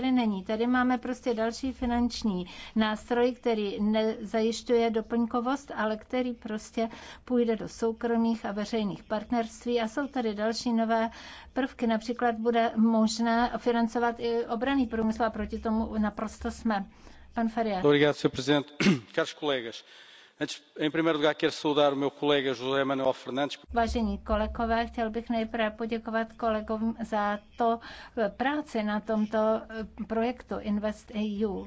tady není. Tady máme prostě další finanční nástroj, který nezajišťuje doplňkovost, ale který prostě půjde do soukromých a veřejných partnerství. A jsou tady další nové prvky. Například bude možné financovat i obraný průmysl a proti tomu naprosto jsme. Pan Feria. Obrigado, Presidente. Caros colegas, Vážení kolegové, chtěl bych nejprve poděkovat kolegům za to eh, práci na tomto eh, projektu InvestEU.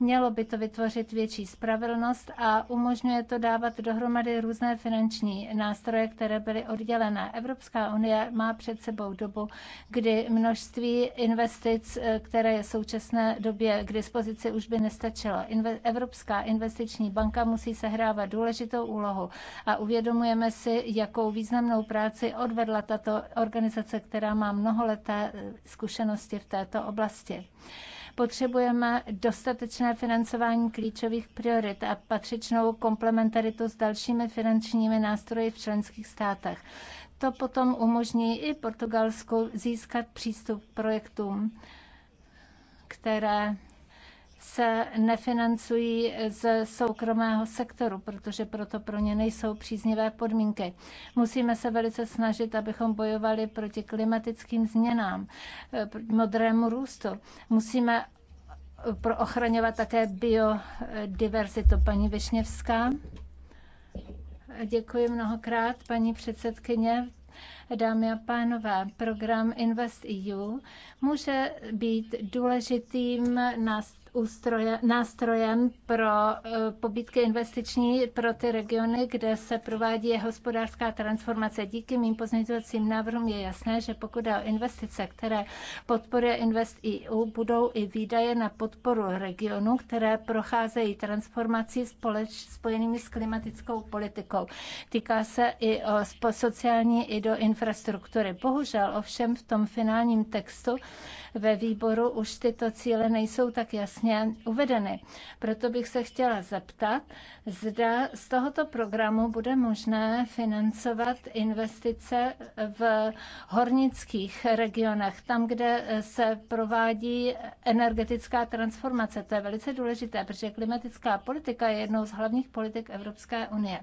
Mělo by to vytvořit větší spravedlnost a umožňuje to dávat dohromady různé finanční nástroje, které byly oddělené. Evropská unie má před sebou dobu, kdy množství investic, eh, které je v současné době k dispozici, už by nestačilo. Evropská investiční banka musí sehrávat důležitou úlohu a uvědomujeme si, jakou významnou práci odvedla tato organizace, která má mnoholeté eh, zkušenosti v této oblasti. Potřebujeme dostatečné financování klíčových priorit a patřičnou komplementaritu s dalšími finančními nástroji v členských státech. To potom umožní i Portugalsku získat přístup k projektům, které se nefinancují z soukromého sektoru, protože proto pro ně nejsou příznivé podmínky. Musíme se velice snažit, abychom bojovali proti klimatickým změnám, eh, modrému růstu. Musíme eh, pro ochraňovat také biodiverzitu. Paní Višněvská. Děkuji mnohokrát, paní předsedkyně. Dámy a pánové, program InvestEU může být důležitým nástrojem ústroje, nástrojem pro e, pobídky investiční pro ty regiony, kde se provádí hospodářská transformace. Díky mým pozměňovacím návrhům je jasné, že pokud je o investice, které podporuje Invest EU, budou i výdaje na podporu regionu, které procházejí transformací společ, spojenými s klimatickou politikou. Týká se i o sociální, i do infrastruktury. Bohužel ovšem v tom finálním textu ve výboru už tyto cíle nejsou tak jasně uvedeny. Proto bych se chtěla zeptat, zda z tohoto programu bude možné financovat investice v hornických regionech, tam, kde se provádí energetická transformace. To je velice důležité, protože klimatická politika je jednou z hlavních politik Evropské unie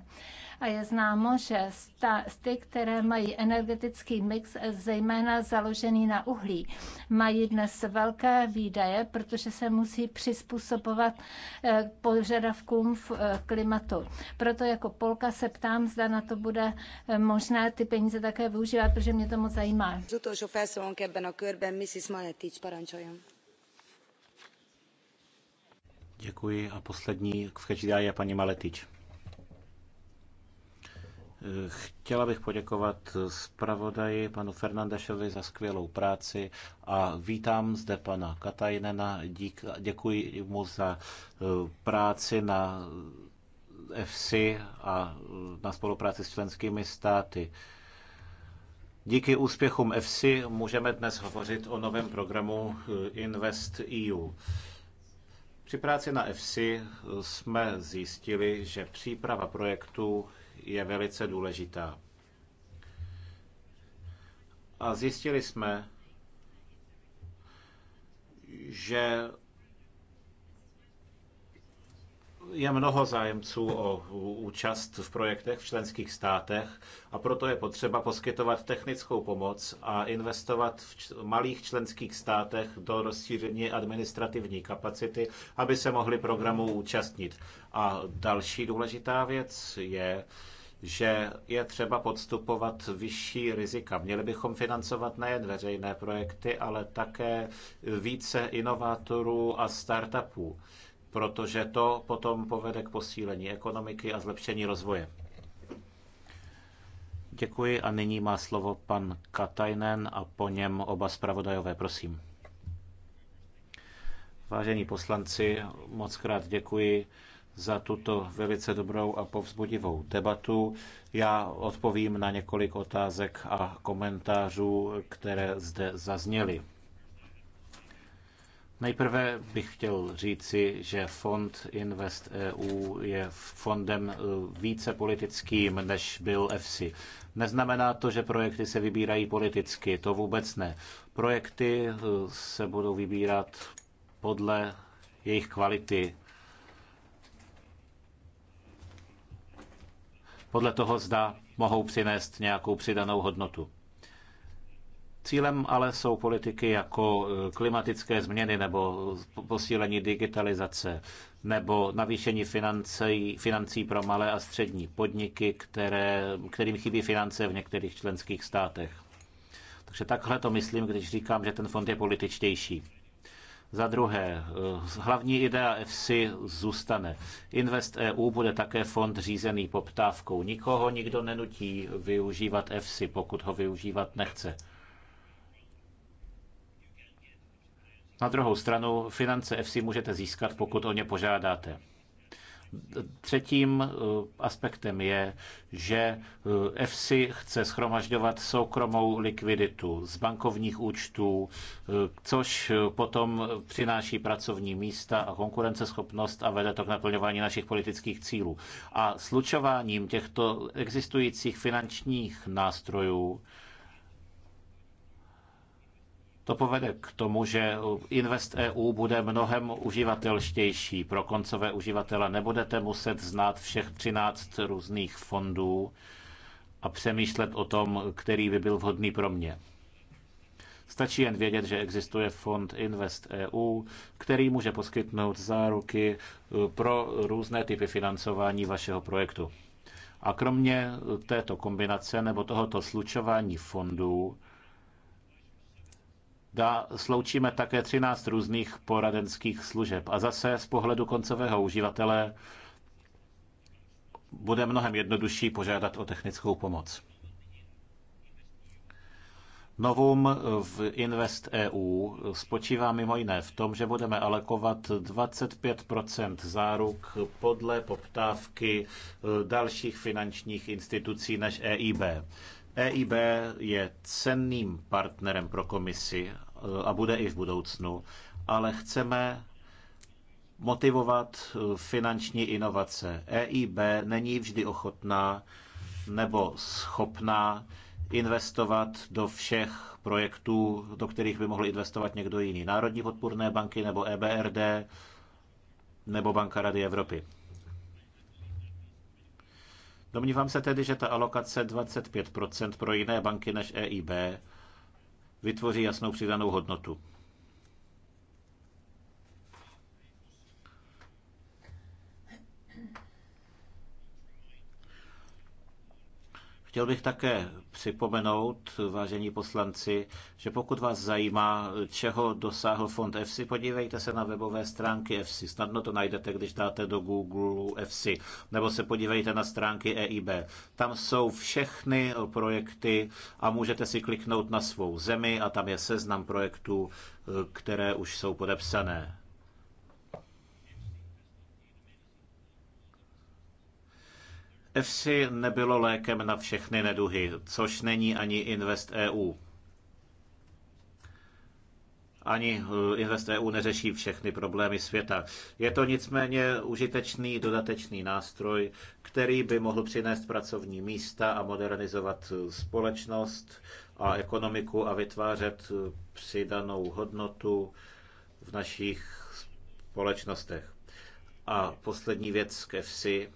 a je známo, že ty, které mají energetický mix zejména založený na uhlí, mají dnes velké výdaje, protože se musí přizpůsobovat eh, požadavkům v eh, klimatu. Proto jako Polka se ptám, zda na to bude eh, možné ty peníze také využívat, protože mě to moc zajímá. Děkuji a poslední v je paní Maletič. Chtěla bych poděkovat zpravodaji panu Fernandešovi za skvělou práci a vítám zde pana Katajnena. Dík, děkuji mu za eh, práci na FC a eh, na spolupráci s členskými státy. Díky úspěchům FC můžeme dnes hovořit o novém programu eh, Invest EU. Při práci na FC jsme zjistili, že příprava projektů je velice důležitá. A zjistili jsme, že je mnoho zájemců o účast v projektech v členských státech a proto je potřeba poskytovat technickou pomoc a investovat v malých členských státech do rozšíření administrativní kapacity, aby se mohli programu účastnit. A další důležitá věc je, že je třeba podstupovat vyšší rizika. Měli bychom financovat nejen veřejné projekty, ale také více inovátorů a startupů protože to potom povede k posílení ekonomiky a zlepšení rozvoje. Děkuji a nyní má slovo pan Katajnen a po něm oba zpravodajové, prosím. Vážení poslanci, moc krát děkuji za tuto velice dobrou a povzbudivou debatu. Já odpovím na několik otázek a komentářů, které zde zazněly. Nejprve bych chtěl říci, že fond Invest EU je fondem eh, více politickým, než byl EFSI. Neznamená to, že projekty se vybírají politicky, to vůbec ne. Projekty eh, se budou vybírat podle jejich kvality, podle toho, zda mohou přinést nějakou přidanou hodnotu. Cílem ale jsou politiky jako eh, klimatické změny nebo posílení digitalizace nebo navýšení financí, financí pro malé a střední podniky, které, kterým chybí finance v některých členských státech. Takže takhle to myslím, když říkám, že ten fond je političtější. Za druhé, eh, hlavní idea EFSI zůstane. Invest EU bude také fond řízený poptávkou. Nikoho nikdo nenutí využívat EFSI, pokud ho využívat nechce. Na druhou stranu, finance FC můžete získat, pokud o ně požádáte. Třetím eh, aspektem je, že eh, FC chce schromažďovat soukromou likviditu z bankovních účtů, eh, což potom přináší pracovní místa a konkurenceschopnost a vede to k naplňování našich politických cílů. A slučováním těchto existujících finančních nástrojů to povede k tomu, že Invest EU bude mnohem uživatelštější pro koncové uživatele. Nebudete muset znát všech 13 různých fondů a přemýšlet o tom, který by byl vhodný pro mě. Stačí jen vědět, že existuje fond Invest EU, který může poskytnout záruky eh, pro různé typy financování vašeho projektu. A kromě této kombinace nebo tohoto slučování fondů, Da, sloučíme také 13 různých poradenských služeb. A zase z pohledu koncového uživatele bude mnohem jednodušší požádat o technickou pomoc. Novum v Invest EU spočívá mimo jiné v tom, že budeme alokovat 25 záruk podle poptávky dalších finančních institucí než EIB. EIB je cenným partnerem pro komisi e, a bude i v budoucnu, ale chceme motivovat e, finanční inovace. EIB není vždy ochotná nebo schopná investovat do všech projektů, do kterých by mohl investovat někdo jiný. Národní podpůrné banky nebo EBRD nebo Banka Rady Evropy. Domnívám se tedy, že ta alokace 25% pro jiné banky než EIB vytvoří jasnou přidanou hodnotu. Chtěl bych také připomenout, vážení poslanci, že pokud vás zajímá, čeho dosáhl fond EFSI, podívejte se na webové stránky EFSI. Snadno to najdete, když dáte do Google EFSI. Nebo se podívejte na stránky EIB. Tam jsou všechny projekty a můžete si kliknout na svou zemi a tam je seznam projektů, eh, které už jsou podepsané. EFSI nebylo lékem na všechny neduhy, což není ani Invest EU. Ani eh, Invest EU neřeší všechny problémy světa. Je to nicméně užitečný dodatečný nástroj, který by mohl přinést pracovní místa a modernizovat eh, společnost a ekonomiku a vytvářet eh, přidanou hodnotu v našich společnostech. A poslední věc ke vsi.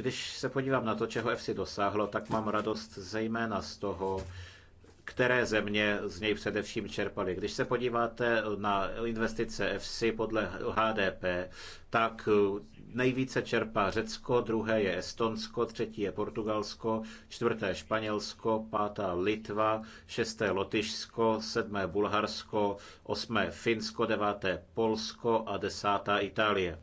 Když se podívám na to, čeho FC dosáhlo, tak mám radost zejména z toho, které země z něj především čerpaly. Když se podíváte na investice FC podle HDP, tak nejvíce čerpá Řecko, druhé je Estonsko, třetí je Portugalsko, čtvrté Španělsko, pátá Litva, šesté Lotyšsko, sedmé Bulharsko, osmé Finsko, deváté Polsko a desátá Itálie.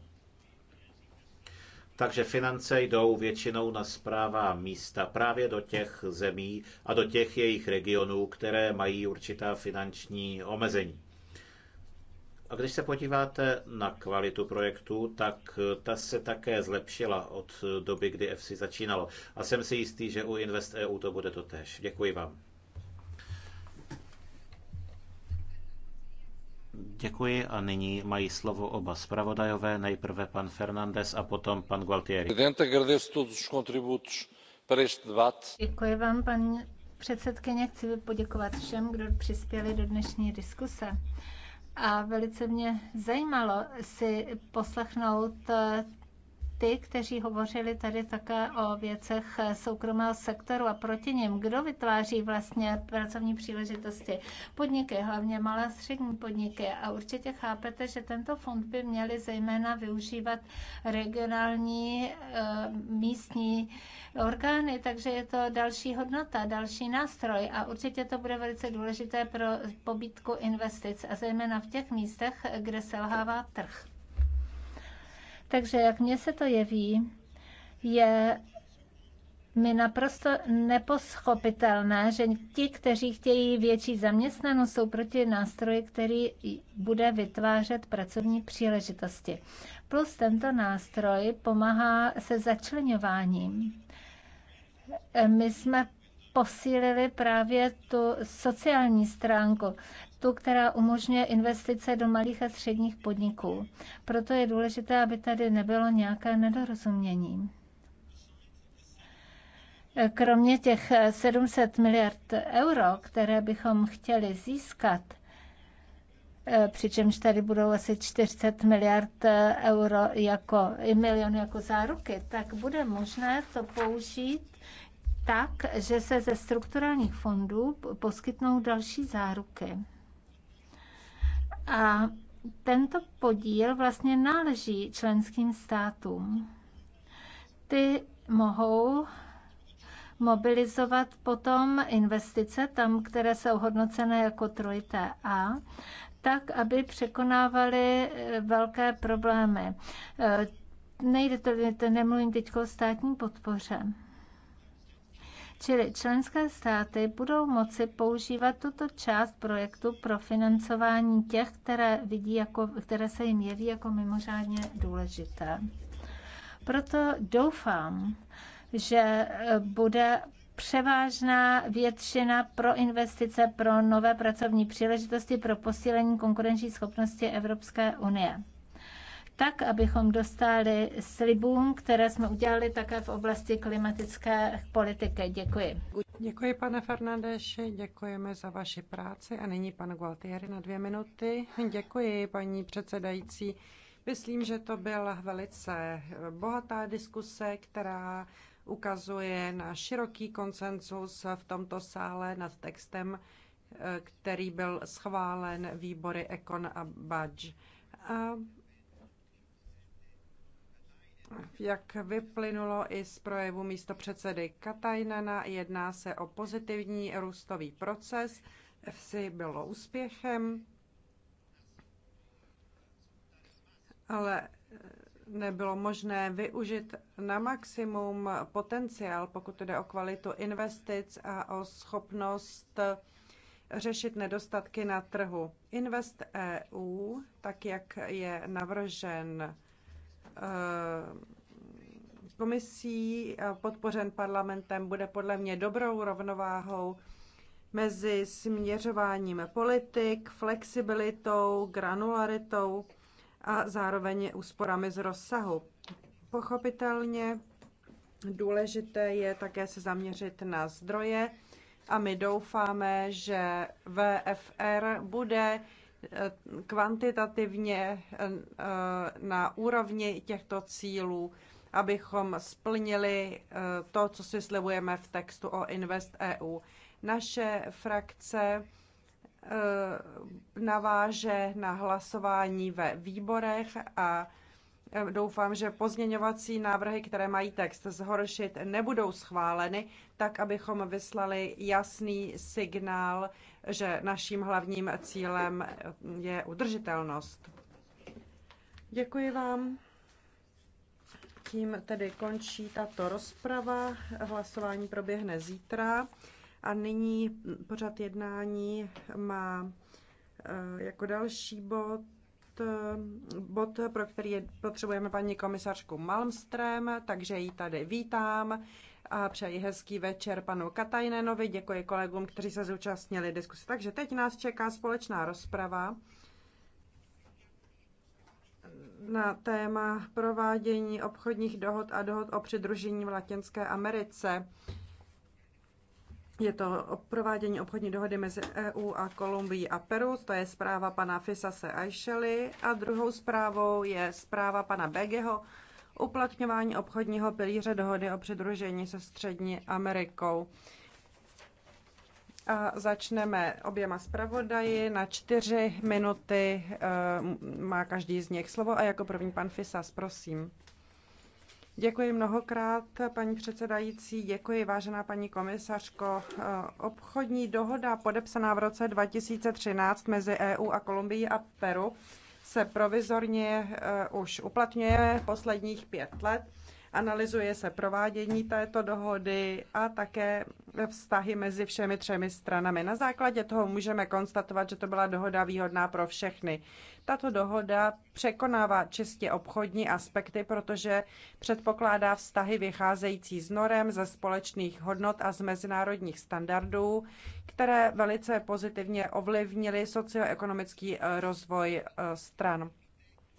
Takže finance jdou většinou na zpráva místa právě do těch zemí a do těch jejich regionů, které mají určitá finanční omezení. A když se podíváte na kvalitu projektu, tak ta se také zlepšila od doby, kdy FC začínalo. A jsem si jistý, že u InvestEU to bude totéž. Děkuji vám. Děkuji a nyní mají slovo oba zpravodajové, nejprve pan Fernandez a potom pan Gualtieri. Děkuji vám, paní předsedkyně. Chci poděkovat všem, kdo přispěli do dnešní diskuse. A velice mě zajímalo si poslechnout ty, kteří hovořili tady také o věcech soukromého sektoru a proti něm, Kdo vytváří vlastně pracovní příležitosti? Podniky, hlavně malé a střední podniky. A určitě chápete, že tento fond by měli zejména využívat regionální eh, místní orgány, takže je to další hodnota, další nástroj a určitě to bude velice důležité pro pobítku investic a zejména v těch místech, kde selhává trh. Takže jak mně se to jeví, je mi naprosto neposchopitelné, že ti, kteří chtějí větší zaměstnanost, jsou proti nástroji, který bude vytvářet pracovní příležitosti. Plus tento nástroj pomáhá se začlenováním. My jsme posílili právě tu sociální stránku projektů, která umožňuje investice do malých a středních podniků. Proto je důležité, aby tady nebylo nějaké nedorozumění. Kromě těch 700 miliard euro, které bychom chtěli získat, eh, přičemž tady budou asi 40 miliard eh, euro jako, i milion jako záruky, tak bude možné to použít tak, že se ze strukturálních fondů poskytnou další záruky. A tento podíl vlastně náleží členským státům. Ty mohou mobilizovat potom investice tam, které jsou hodnocené jako trojité A, tak, aby překonávaly eh, velké problémy. Eh, nejde to, to nemluvím teď o státní podpoře. Čili členské státy budou moci používat tuto část projektu pro financování těch, které, vidí jako, které se jim jeví jako mimořádně důležité. Proto doufám, že eh, bude převážná většina pro investice, pro nové pracovní příležitosti, pro posílení konkurenční schopnosti Evropské unie tak, abychom dostali slibům, které jsme udělali také v oblasti klimatické politiky. Děkuji. Děkuji, pane Fernandeši, děkujeme za vaši práci a nyní pan Gualtieri na dvě minuty. Děkuji, paní předsedající. Myslím, že to byla velice bohatá diskuse, která ukazuje na široký konsenzus v tomto sále nad textem, eh, který byl schválen výbory Econ a Budge. A jak vyplynulo i z projevu místo předsedy Katajnana, jedná se o pozitivní růstový proces. FSI bylo úspěchem, ale eh, nebylo možné využít na maximum potenciál, pokud jde o kvalitu investic a o schopnost eh, řešit nedostatky na trhu. Invest EU, tak jak je navržen, Eh, komisí, eh, podpořen parlamentem, bude podle mě dobrou rovnováhou mezi směřováním politik, flexibilitou, granularitou a zároveň úsporami z rozsahu. Pochopitelně důležité je také se zaměřit na zdroje a my doufáme, že VFR bude kvantitativně eh, na úrovni těchto cílů, abychom splnili eh, to, co si slibujeme v textu o Invest EU. Naše frakce eh, naváže na hlasování ve výborech a Eh, doufám, že pozměňovací návrhy, které mají text zhoršit, nebudou schváleny, tak abychom vyslali jasný signál, že naším hlavním cílem eh, je udržitelnost. Děkuji vám. Tím tedy končí tato rozprava. Hlasování proběhne zítra. A nyní pořad jednání má eh, jako další bod Eh, bod, pro který potřebujeme paní komisařku Malmström, takže ji tady vítám a přeji hezký večer panu Katajnenovi. Děkuji kolegům, kteří se zúčastnili diskuse. Takže teď nás čeká společná rozprava na téma provádění obchodních dohod a dohod o přidružení v Latinské Americe. Je to provádění obchodní dohody mezi EU a Kolumbií a Peru, to je zpráva pana Fisase Aishely a druhou zprávou je zpráva pana Begeho uplatňování obchodního pilíře dohody o přidružení se Střední Amerikou. A začneme oběma zpravodaji. Na čtyři minuty eh, má každý z nich slovo a jako první pan Fisas, prosím. Děkuji mnohokrát, paní předsedající. Děkuji, vážená paní komisařko. Obchodní dohoda podepsaná v roce 2013 mezi EU a Kolumbií a Peru se provizorně eh, už uplatňuje posledních pět let analyzuje se provádění této dohody a také vztahy mezi všemi třemi stranami. Na základě toho můžeme konstatovat, že to byla dohoda výhodná pro všechny. Tato dohoda překonává čistě obchodní aspekty, protože předpokládá vztahy vycházející z norem, ze společných hodnot a z mezinárodních standardů, které velice pozitivně ovlivnily socioekonomický eh, rozvoj eh, stran.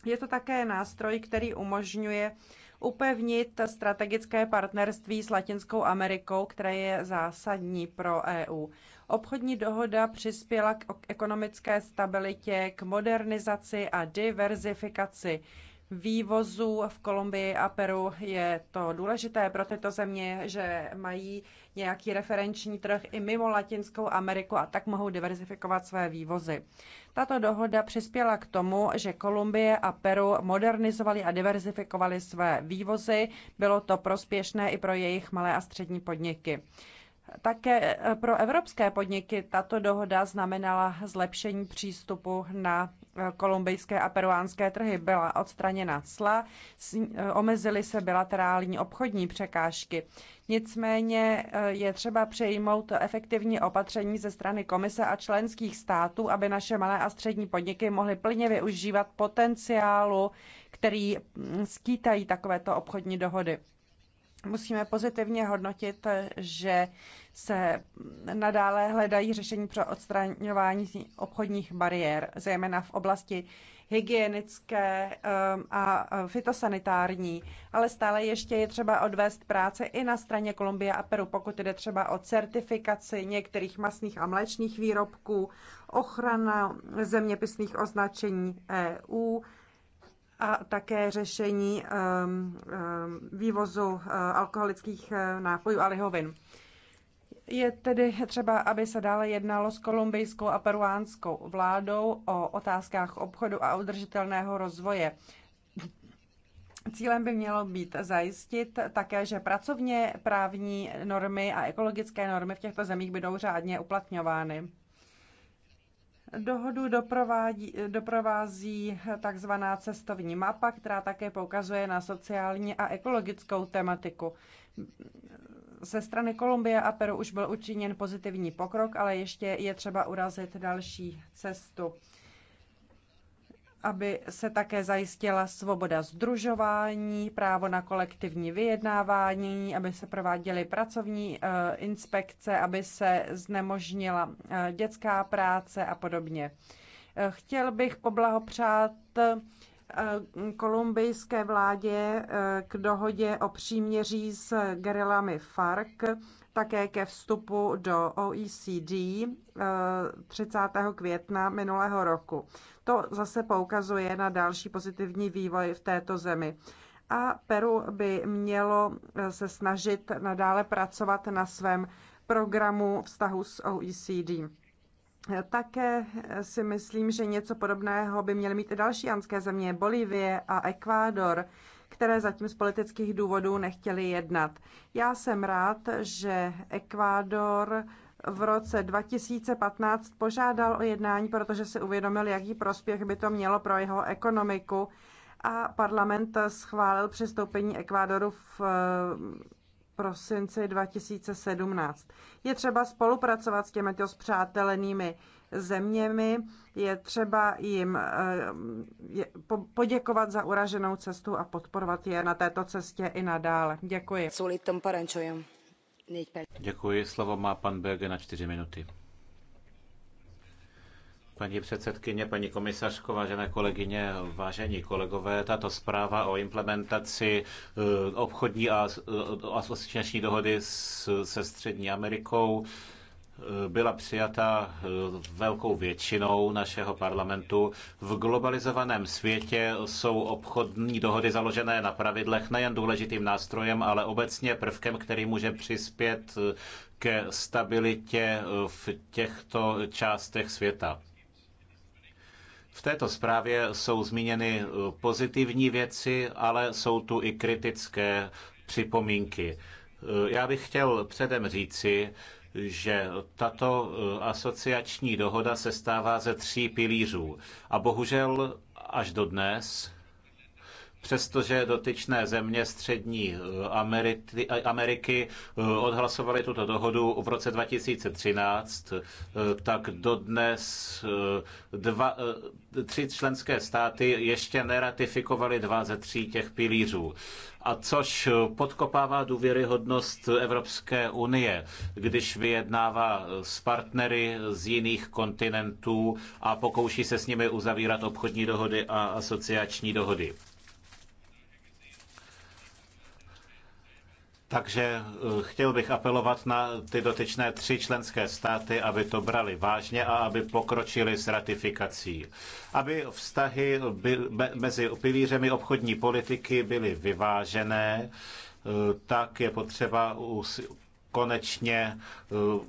Je to také nástroj, který umožňuje upevnit strategické partnerství s Latinskou Amerikou, které je zásadní pro EU. Obchodní dohoda přispěla k ekonomické stabilitě, k modernizaci a diverzifikaci Vývozu v Kolumbii a Peru je to důležité pro tyto země, že mají nějaký referenční trh i mimo Latinskou Ameriku a tak mohou diverzifikovat své vývozy. Tato dohoda přispěla k tomu, že Kolumbie a Peru modernizovali a diverzifikovali své vývozy. Bylo to prospěšné i pro jejich malé a střední podniky. Také pro evropské podniky tato dohoda znamenala zlepšení přístupu na kolumbijské a peruánské trhy. Byla odstraněna cla, omezily se bilaterální obchodní překážky. Nicméně eh, je třeba přejmout efektivní opatření ze strany komise a členských států, aby naše malé a střední podniky mohly plně využívat potenciálu, který hm, skýtají takovéto obchodní dohody musíme pozitivně hodnotit, že se nadále hledají řešení pro odstraňování obchodních bariér, zejména v oblasti hygienické um, a fitosanitární, ale stále ještě je třeba odvést práce i na straně Kolumbie a Peru, pokud jde třeba o certifikaci některých masných a mléčných výrobků, ochrana zeměpisných označení EU, a také řešení um, um, vývozu uh, alkoholických uh, nápojů a lihovin. Je tedy třeba, aby se dále jednalo s kolumbijskou a peruánskou vládou o otázkách obchodu a udržitelného rozvoje. Cílem by mělo být zajistit také, že pracovně právní normy a ekologické normy v těchto zemích budou řádně uplatňovány. Dohodu doprovádí, doprovází takzvaná cestovní mapa, která také poukazuje na sociální a ekologickou tematiku. Ze strany Kolumbie a Peru už byl učiněn pozitivní pokrok, ale ještě je třeba urazit další cestu aby se také zajistila svoboda združování, právo na kolektivní vyjednávání, aby se prováděly pracovní eh, inspekce, aby se znemožnila eh, dětská práce a podobně. Eh, chtěl bych poblahopřát kolumbijské vládě k dohodě o příměří s gerilami FARC, také ke vstupu do OECD 30. Eh, května minulého roku. To zase poukazuje na další pozitivní vývoj v této zemi. A Peru by mělo eh, se snažit nadále pracovat na svém programu vztahu s OECD. Také eh, si myslím, že něco podobného by měly mít i další anské země, Bolívie a Ekvádor které zatím z politických důvodů nechtěli jednat. Já jsem rád, že Ekvádor v roce 2015 požádal o jednání, protože si uvědomil, jaký prospěch by to mělo pro jeho ekonomiku a parlament schválil přistoupení Ekvádoru v eh, prosinci 2017. Je třeba spolupracovat s těmito zpřátelenými zeměmi. Je třeba jim eh, poděkovat za uraženou cestu a podporovat je na této cestě i nadále. Děkuji. Děkuji. Slovo má pan Berge na čtyři minuty. Paní předsedkyně, paní komisařko, vážené kolegyně, vážení kolegové, tato zpráva o implementaci eh, obchodní a eh, asociační dohody se Střední Amerikou Eh, byla přijata eh, velkou většinou našeho parlamentu. V globalizovaném světě jsou obchodní dohody založené na pravidlech nejen důležitým nástrojem, ale obecně prvkem, který může přispět eh, ke stabilitě v těchto částech světa. V této zprávě jsou zmíněny pozitivní věci, ale jsou tu i kritické připomínky. Já bych chtěl předem říci, že tato eh, asociační dohoda se stává ze tří pilířů. A bohužel až dodnes přestože dotyčné země Střední eh, eh, Ameriky, eh, odhlasovaly tuto dohodu v roce 2013, tak dodnes dva, tři členské státy ještě neratifikovaly dva ze tří těch pilířů a což podkopává důvěryhodnost Evropské unie, když vyjednává s partnery z jiných kontinentů a pokouší se s nimi uzavírat obchodní dohody a asociační dohody. Takže eh, chtěl bych apelovat na ty dotyčné tři členské státy, aby to brali vážně a aby pokročili s ratifikací. Aby vztahy mezi pilířemi obchodní politiky byly vyvážené, eh, tak je potřeba konečně eh,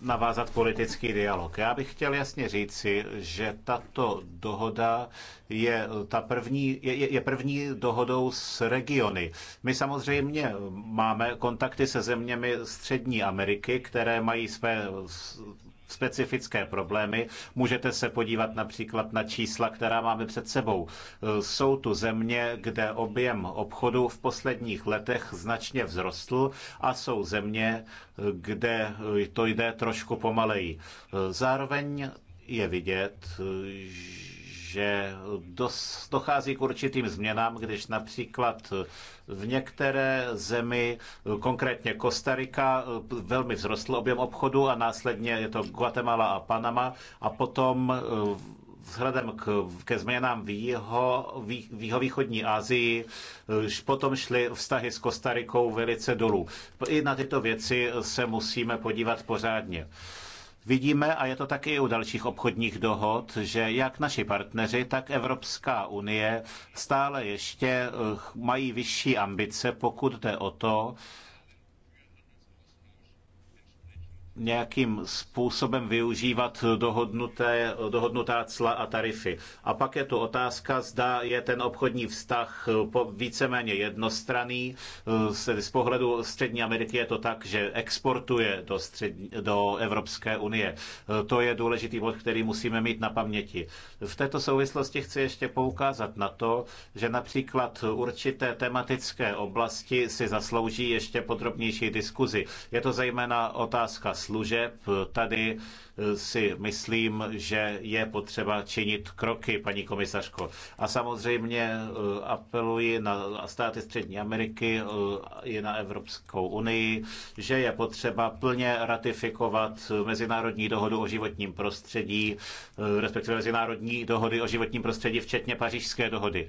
navázat politický dialog. Já bych chtěl jasně říci, že tato dohoda je, eh, ta první, je, je první dohodou s regiony. My samozřejmě máme kontakty se zeměmi Střední Ameriky, které mají své eh, specifické problémy. Můžete se podívat například na čísla, která máme před sebou. E, jsou tu země, kde objem obchodu v posledních letech značně vzrostl a jsou země, e, kde to jde trošku pomaleji. E, zároveň je vidět, že že dos, dochází k určitým změnám, když například v některé zemi, konkrétně Kostarika, velmi vzrostl objem obchodu a následně je to Guatemala a Panama a potom eh, vzhledem k, ke změnám v, jeho, v, jeho východní Asii eh, potom šly vztahy s Kostarikou velice dolů. I na tyto věci se musíme podívat pořádně. Vidíme, a je to taky u dalších obchodních dohod, že jak naši partneři, tak Evropská unie stále ještě eh, mají vyšší ambice, pokud jde o to, nějakým způsobem využívat dohodnuté, dohodnutá cla a tarify. A pak je tu otázka, zda je ten obchodní vztah víceméně jednostranný. Z pohledu Střední Ameriky je to tak, že exportuje do, střední, do Evropské unie. To je důležitý bod, který musíme mít na paměti. V této souvislosti chci ještě poukázat na to, že například určité tematické oblasti si zaslouží ještě podrobnější diskuzi. Je to zejména otázka služeb. Tady eh, si myslím, že je potřeba činit kroky, paní komisařko. A samozřejmě eh, apeluji na státy Střední Ameriky eh, i na Evropskou unii, že je potřeba plně ratifikovat Mezinárodní dohodu o životním prostředí, respektive Mezinárodní dohody o životním prostředí, včetně Pařížské dohody.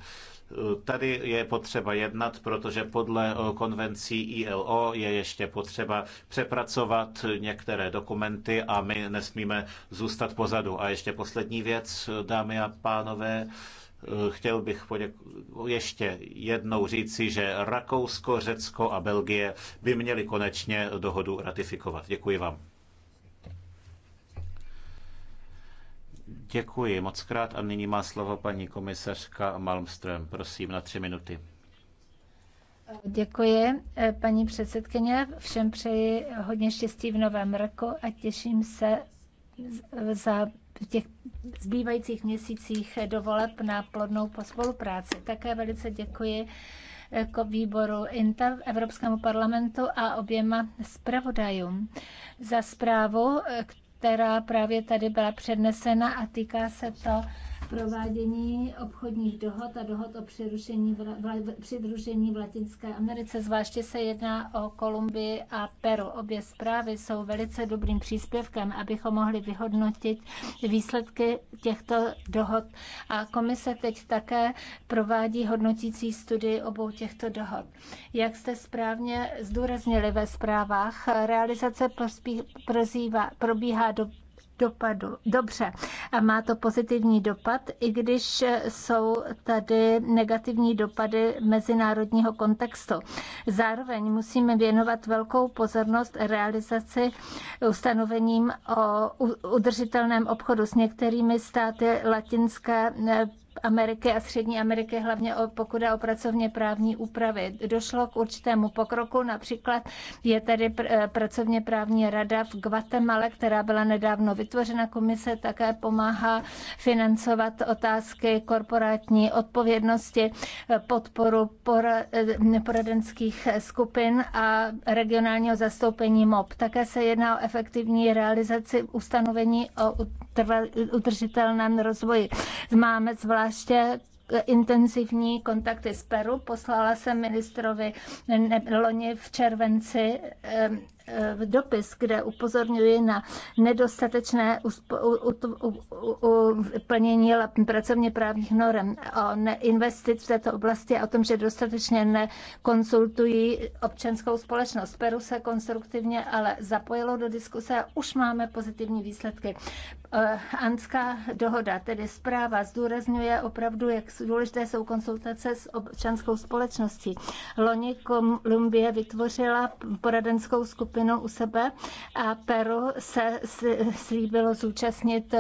Tady je potřeba jednat, protože podle eh, konvencí ILO je ještě potřeba přepracovat některé dokumenty a my nesmíme zůstat pozadu. A ještě poslední věc, dámy a pánové, eh, chtěl bych poděku- ještě jednou říci, že Rakousko, Řecko a Belgie by měly konečně dohodu ratifikovat. Děkuji vám. Děkuji moc krát a nyní má slovo paní komisařka Malmström. Prosím na tři minuty. Děkuji, eh, paní předsedkyně. Všem přeji hodně štěstí v novém roku a těším se za v těch zbývajících měsících dovoleb na plodnou spolupráci. Také velice děkuji jako výboru INTA Evropskému parlamentu a oběma zpravodajům za zprávu, eh, která právě tady byla přednesena a týká se to provádění obchodních dohod a dohod o přidružení přidružení v Latinské Americe. Zvláště se jedná o Kolumbii a Peru. Obě zprávy jsou velice dobrým příspěvkem, abychom mohli vyhodnotit výsledky těchto dohod. A komise teď také provádí hodnotící studii obou těchto dohod. Jak jste správně zdůraznili ve zprávách, realizace prozíva probíhá do dopadu. Dobře, a má to pozitivní dopad, i když jsou tady negativní dopady mezinárodního kontextu. Zároveň musíme věnovat velkou pozornost realizaci ustanovením o udržitelném obchodu s některými státy Latinské Ameriky a Střední Ameriky, hlavně pokud je o pracovně právní úpravy. Došlo k určitému pokroku, například je tady pr- eh, pracovně právní rada v Guatemala, která byla nedávno vytvořena. Komise také pomáhá financovat otázky korporátní odpovědnosti, eh, podporu pora- eh, poradenských skupin a regionálního zastoupení MOB. Také se jedná o efektivní realizaci ustanovení o udržitelném rozvoji. Máme zvlášť zvláště intenzivní kontakty s Peru. Poslala jsem ministrovi loni v červenci dopis, kde upozorňuji na nedostatečné plnění pracovně právních norm, o neinvestic v této oblasti a o tom, že dostatečně nekonsultují občanskou společnost. Peru se konstruktivně ale zapojilo do diskuse a už máme pozitivní výsledky. Eh, Anská dohoda, tedy zpráva, zdůrazňuje opravdu, jak důležité jsou konsultace s občanskou společností. Loni Kolumbie vytvořila poradenskou skupinu u sebe a Peru se slíbilo zúčastnit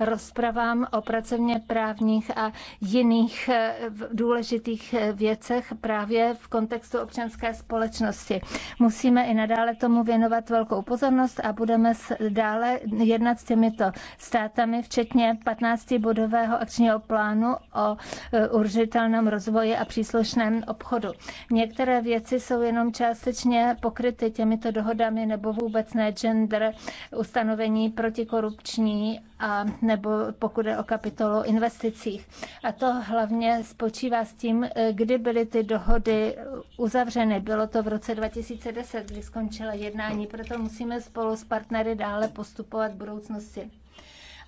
rozpravám o pracovně právních a jiných eh, důležitých eh, věcech právě v kontextu občanské společnosti. Musíme i nadále tomu věnovat velkou pozornost a budeme dále jednat s těmito státami, včetně 15-bodového akčního plánu o e, uržitelném rozvoji a příslušném obchodu. Některé věci jsou jenom částečně pokryty těmito dohodami nebo vůbec ne gender, ustanovení protikorupční a nebo pokud je o kapitolu investicích. A to hlavně spočívá s tím, e, kdy byly ty dohody uzavřeny. Bylo to v roce 2010, kdy skončila jednání, proto musíme spolu s partnery dále postupovat v budoucnosti.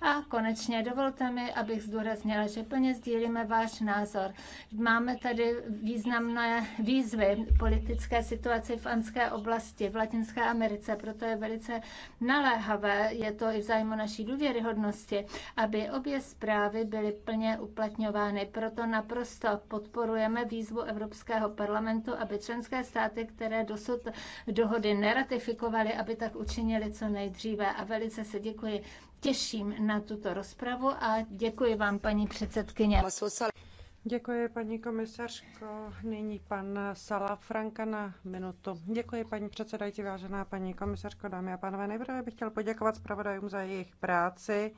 A konečně dovolte mi, abych zdůraznila, že plně sdílíme váš názor. Máme tady významné výzvy politické situace v anské oblasti, v Latinské Americe, proto je velice naléhavé, je to i v zájmu naší důvěryhodnosti, aby obě zprávy byly plně uplatňovány. Proto naprosto podporujeme výzvu Evropského parlamentu, aby členské státy, které dosud dohody neratifikovaly, aby tak učinili co nejdříve. A velice se děkuji těším na tuto rozpravu a děkuji vám, paní předsedkyně. Děkuji, paní komisařko. Nyní pan Sala Franka na minutu. Děkuji, paní předsedající, vážená paní komisařko, dámy a pánové. Nejprve bych chtěl poděkovat zpravodajům za jejich práci.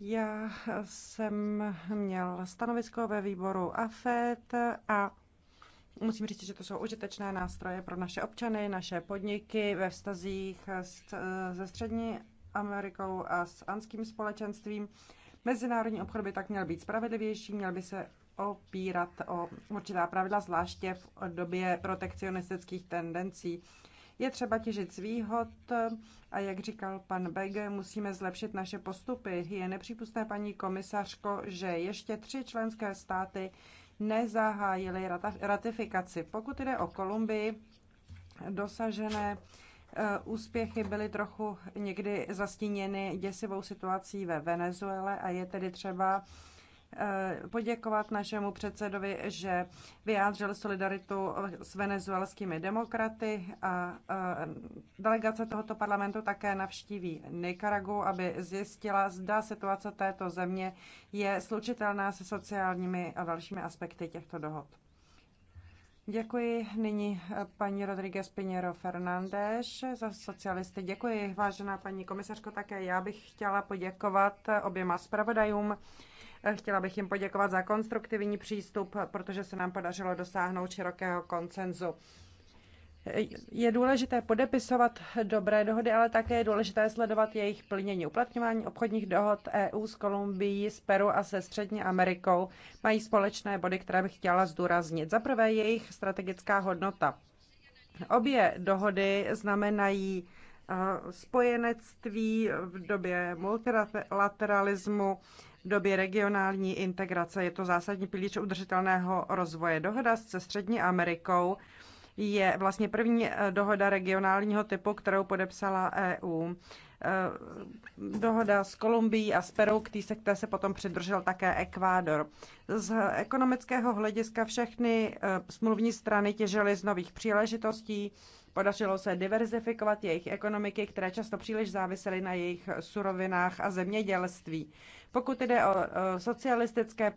Já jsem měl stanovisko ve výboru AFET a musím říct, že to jsou užitečné nástroje pro naše občany, naše podniky ve vztazích ze střední Amerikou a s anským společenstvím. Mezinárodní obchod by tak měl být spravedlivější, měl by se opírat o určitá pravidla, zvláště v době protekcionistických tendencí. Je třeba těžit z výhod a jak říkal pan Bege, musíme zlepšit naše postupy. Je nepřípustné, paní komisařko, že ještě tři členské státy nezahájily ratifikaci. Pokud jde o Kolumbii, dosažené Eh, úspěchy byly trochu někdy zastíněny děsivou situací ve Venezuele a je tedy třeba eh, poděkovat našemu předsedovi, že vyjádřil solidaritu s venezuelskými demokraty a eh, delegace tohoto parlamentu také navštíví Nikaragu, aby zjistila, zda situace této země je slučitelná se sociálními a dalšími aspekty těchto dohod. Děkuji nyní eh, paní Rodríguez Pinheiro Fernández za socialisty. Děkuji, vážená paní komisařko, také já bych chtěla poděkovat eh, oběma zpravodajům. Eh, chtěla bych jim poděkovat za konstruktivní přístup, protože se nám podařilo dosáhnout širokého koncenzu. Je důležité podepisovat dobré dohody, ale také je důležité sledovat jejich plnění. Uplatňování obchodních dohod EU s Kolumbií, s Peru a se Střední Amerikou mají společné body, které bych chtěla zdůraznit. Za prvé jejich strategická hodnota. Obě dohody znamenají eh, spojenectví v době multilateralismu, v době regionální integrace. Je to zásadní pilíř udržitelného rozvoje. Dohoda se Střední Amerikou je vlastně první eh, dohoda regionálního typu, kterou podepsala EU. Eh, dohoda s Kolumbií a s Perou, k se, které se potom přidržel také Ekvádor. Z ekonomického hlediska všechny eh, smluvní strany těžily z nových příležitostí, podařilo se diverzifikovat jejich ekonomiky, které často příliš závisely na jejich surovinách a zemědělství. Pokud jde o eh, socialistické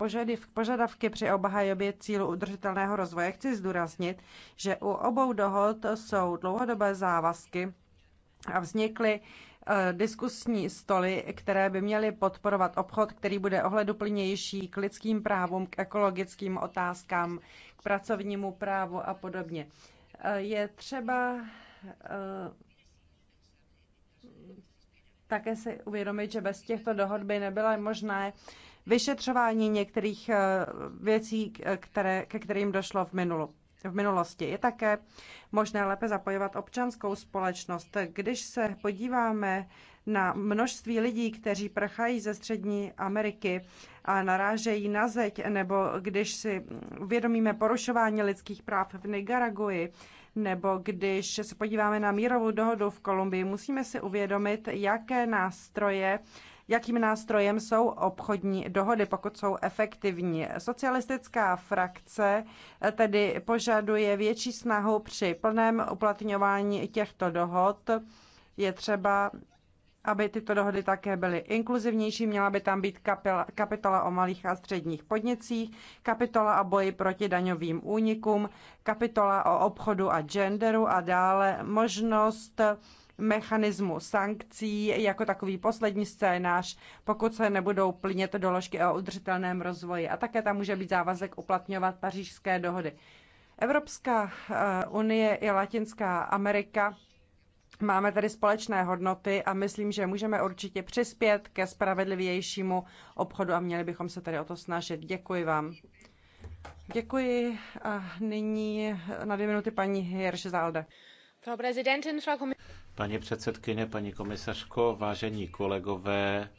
požadavky při obhajobě cílu udržitelného rozvoje, chci zdůraznit, že u obou dohod jsou dlouhodobé závazky a vznikly Eh, diskusní stoly, které by měly podporovat obchod, který bude ohleduplnější k lidským právům, k ekologickým otázkám, k pracovnímu právu a podobně. Eh, je třeba eh, také si uvědomit, že bez těchto dohod by nebylo možné vyšetřování některých věcí, které, ke kterým došlo v minulosti v minulosti. Je také možné lépe zapojovat občanskou společnost. Když se podíváme na množství lidí, kteří prchají ze Střední Ameriky a narážejí na zeď, nebo když si uvědomíme porušování lidských práv v Nigaraguji, nebo když se podíváme na mírovou dohodu v Kolumbii, musíme si uvědomit, jaké nástroje jakým nástrojem jsou obchodní dohody, pokud jsou efektivní. Socialistická frakce eh, tedy požaduje větší snahu při plném uplatňování těchto dohod. Je třeba aby tyto dohody také byly inkluzivnější, měla by tam být kapitola o malých a středních podnicích, kapitola o boji proti daňovým únikům, kapitola o obchodu a genderu a dále možnost mechanismu sankcí jako takový poslední scénář, pokud se nebudou plnit doložky o udržitelném rozvoji. A také tam může být závazek uplatňovat pařížské dohody. Evropská eh, unie i Latinská Amerika Máme tady společné hodnoty a myslím, že můžeme určitě přispět ke spravedlivějšímu obchodu a měli bychom se tady o to snažit. Děkuji vám. Děkuji a nyní na dvě minuty paní Hirsch Zalde. Paní předsedkyně, paní komisařko, vážení kolegové,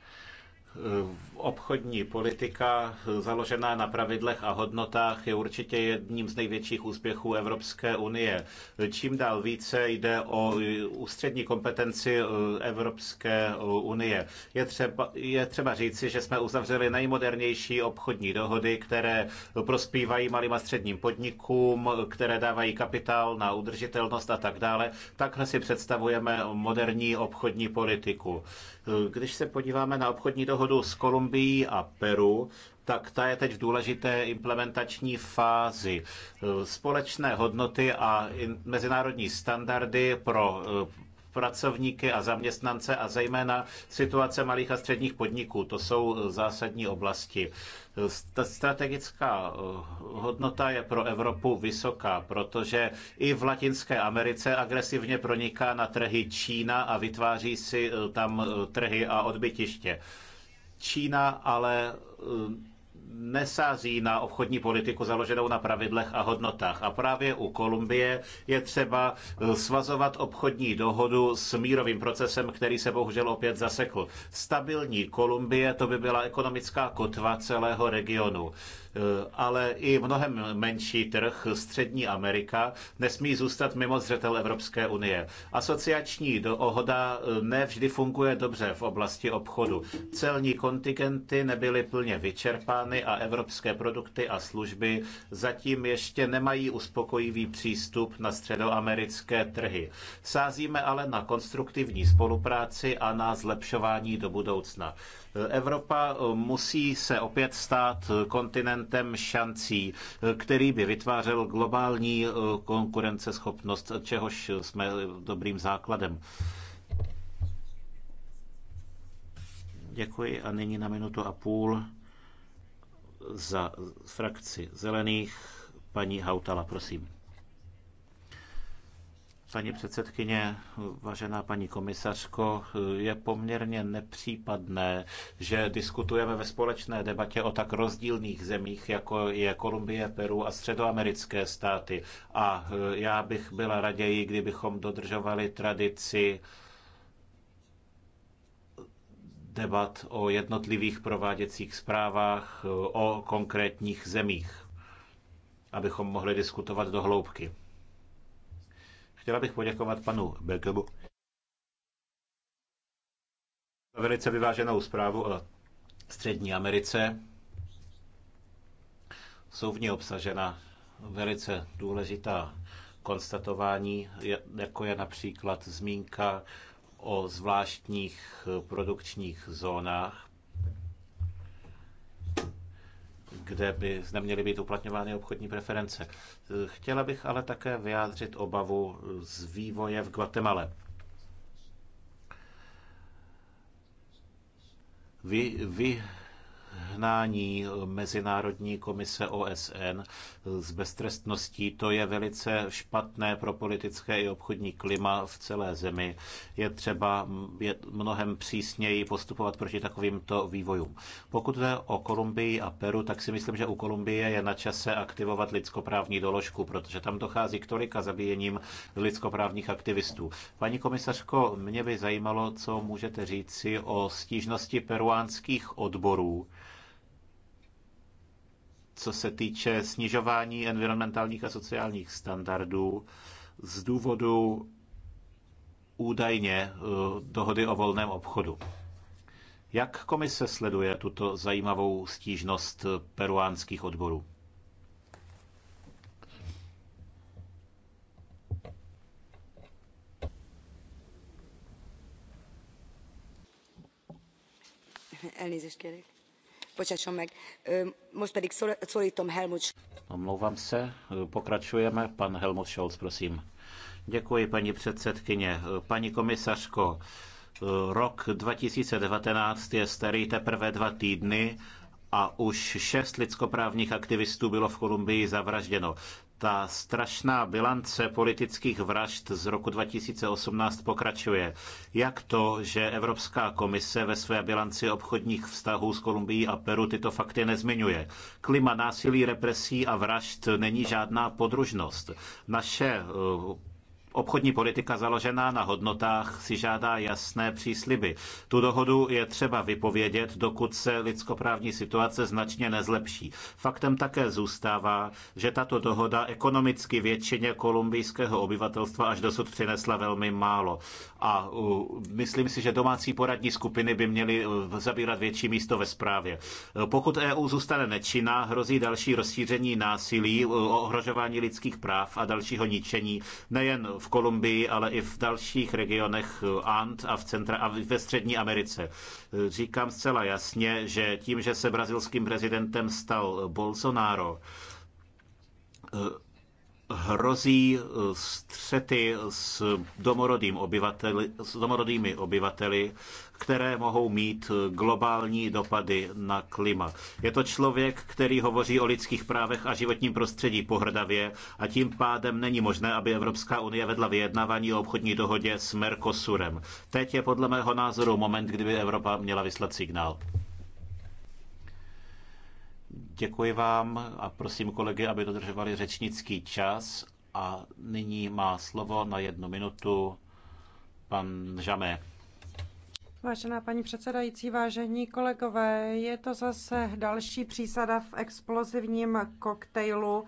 Obchodní politika založená na pravidlech a hodnotách je určitě jedním z největších úspěchů Evropské unie. Čím dál více jde o ústřední kompetenci eh, Evropské eh, unie. Je třeba, je třeba říci, že jsme uzavřeli nejmodernější obchodní dohody, které prospívají malým a středním podnikům, které dávají kapitál na udržitelnost a tak dále. Takhle si představujeme moderní obchodní politiku. Eh, když se podíváme na obchodní dohody, dohodu s Kolumbií a Peru, tak ta je teď v důležité implementační fázi. Společné hodnoty a mezinárodní standardy pro eh, pracovníky a zaměstnance a zejména situace malých a středních podniků. To jsou eh, zásadní oblasti. Ta strategická eh, hodnota je pro Evropu vysoká, protože i v Latinské Americe agresivně proniká na trhy Čína a vytváří si tam trhy a odbytiště. Čína ale eh, nesází na obchodní politiku založenou na pravidlech a hodnotách. A právě u Kolumbie je třeba eh, svazovat obchodní dohodu s mírovým procesem, který se bohužel opět zasekl. Stabilní Kolumbie to by byla ekonomická kotva celého regionu. Eh, ale i mnohem menší trh, střední Amerika, nesmí zůstat mimo zřetel Evropské unie. Asociační dohoda eh, nevždy funguje dobře v oblasti obchodu. Celní kontingenty nebyly plně vyčerpány a evropské produkty a služby zatím ještě nemají uspokojivý přístup na středoamerické trhy. Sázíme ale na konstruktivní spolupráci a na zlepšování do budoucna. Eh, Evropa musí se opět stát kontinentem kontinentem šancí, který by vytvářel globální eh, konkurenceschopnost, čehož jsme eh, dobrým základem. Děkuji a nyní na minutu a půl za frakci zelených paní Hautala, prosím. Paní předsedkyně, vážená paní komisařko, je poměrně nepřípadné, že diskutujeme ve společné debatě o tak rozdílných zemích, jako je Kolumbie, Peru a středoamerické státy. A já bych byla raději, kdybychom dodržovali tradici debat o jednotlivých prováděcích zprávách o konkrétních zemích, abychom mohli diskutovat do hloubky. Chtěla bych poděkovat panu Bergemu za velice vyváženou zprávu o Střední Americe. Jsou v ní obsažena velice důležitá konstatování, jako je například zmínka o zvláštních produkčních zónách kde by neměly být uplatňovány obchodní preference. Chtěla bych ale také vyjádřit obavu z vývoje v Guatemala. Vy, vy hnání Mezinárodní komise OSN s beztrestností. To je velice špatné pro politické i obchodní klima v celé zemi. Je třeba je mnohem přísněji postupovat proti takovýmto vývojům. Pokud jde o Kolumbii a Peru, tak si myslím, že u Kolumbie je na čase aktivovat lidskoprávní doložku, protože tam dochází k tolika zabíjením lidskoprávních aktivistů. Paní komisařko, mě by zajímalo, co můžete říci o stížnosti peruánských odborů, co se týče snižování environmentálních a sociálních standardů z důvodu údajně eh, dohody o volném obchodu. Jak komise sleduje tuto zajímavou stížnost eh, peruánských odborů? Elnézést kérek bocsásson meg. Most pedig szólítom Helmut Omlouvám se, pokračujeme. Pan Helmut Scholz, prosím. Děkuji, paní předsedkyně. Paní komisařko, rok 2019 je starý teprve dva týdny a už šest lidskoprávních aktivistů bylo v Kolumbii zavražděno ta strašná bilance politických vražd z roku 2018 pokračuje. Jak to, že Evropská komise ve své bilanci obchodních vztahů s Kolumbií a Peru tyto fakty nezmiňuje? Klima násilí, represí a vražd není žádná podružnost. Naše eh, obchodní politika založená na hodnotách si žádá jasné přísliby. Tu dohodu je třeba vypovědět, dokud se lidskoprávní situace značně nezlepší. Faktem také zůstává, že tato dohoda ekonomicky většině kolumbijského obyvatelstva až dosud přinesla velmi málo. A uh, myslím si, že domácí poradní skupiny by měly uh, zabírat větší místo ve zprávě. Uh, pokud EU zůstane nečinná, hrozí další rozšíření násilí, ohrožování lidských práv a dalšího ničení nejen v Kolumbii, ale i v dalších regionech Ant a, v centra, a ve Střední Americe. Říkám zcela jasně, že tím, že se brazilským prezidentem stal Bolsonaro, hrozí eh, střety s, domorodým obyvateli, s domorodými obyvateli, které mohou mít eh, globální dopady na klima. Je to člověk, který hovoří o lidských právech a životním prostředí pohrdavě a tím pádem není možné, aby Evropská unie vedla vyjednávání o obchodní dohodě s Mercosurem. Teď je podle mého názoru moment, kdyby Evropa měla vyslat signál. Děkuji vám a prosím kolegy, aby dodržovali řečnický čas. A nyní má slovo na jednu minutu pan Žamé. Vážená paní předsedající, vážení kolegové, je to zase další přísada v explozivním koktejlu,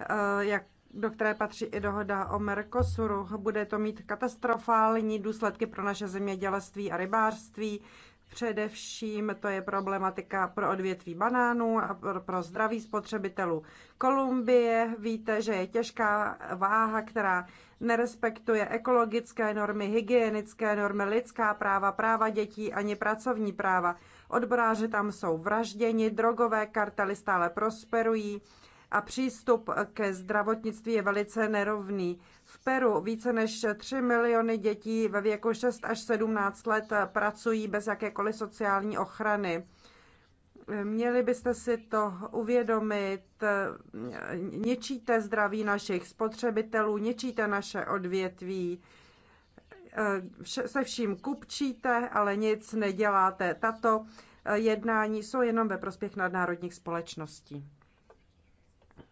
eh, jak do které patří i dohoda o Mercosuru. Bude to mít katastrofální důsledky pro naše zemědělství a rybářství, Především to je problematika pro odvětví banánů a pro zdraví spotřebitelů. Kolumbie, víte, že je těžká váha, která nerespektuje ekologické normy, hygienické normy, lidská práva, práva dětí ani pracovní práva. Odboráři tam jsou vražděni, drogové kartely stále prosperují a přístup ke zdravotnictví je velice nerovný. Peru více než 3 miliony dětí ve věku 6 až 17 let pracují bez jakékoliv sociální ochrany. Měli byste si to uvědomit, něčíte zdraví našich spotřebitelů, něčíte naše odvětví, se vším kupčíte, ale nic neděláte. Tato jednání jsou jenom ve prospěch nadnárodních společností.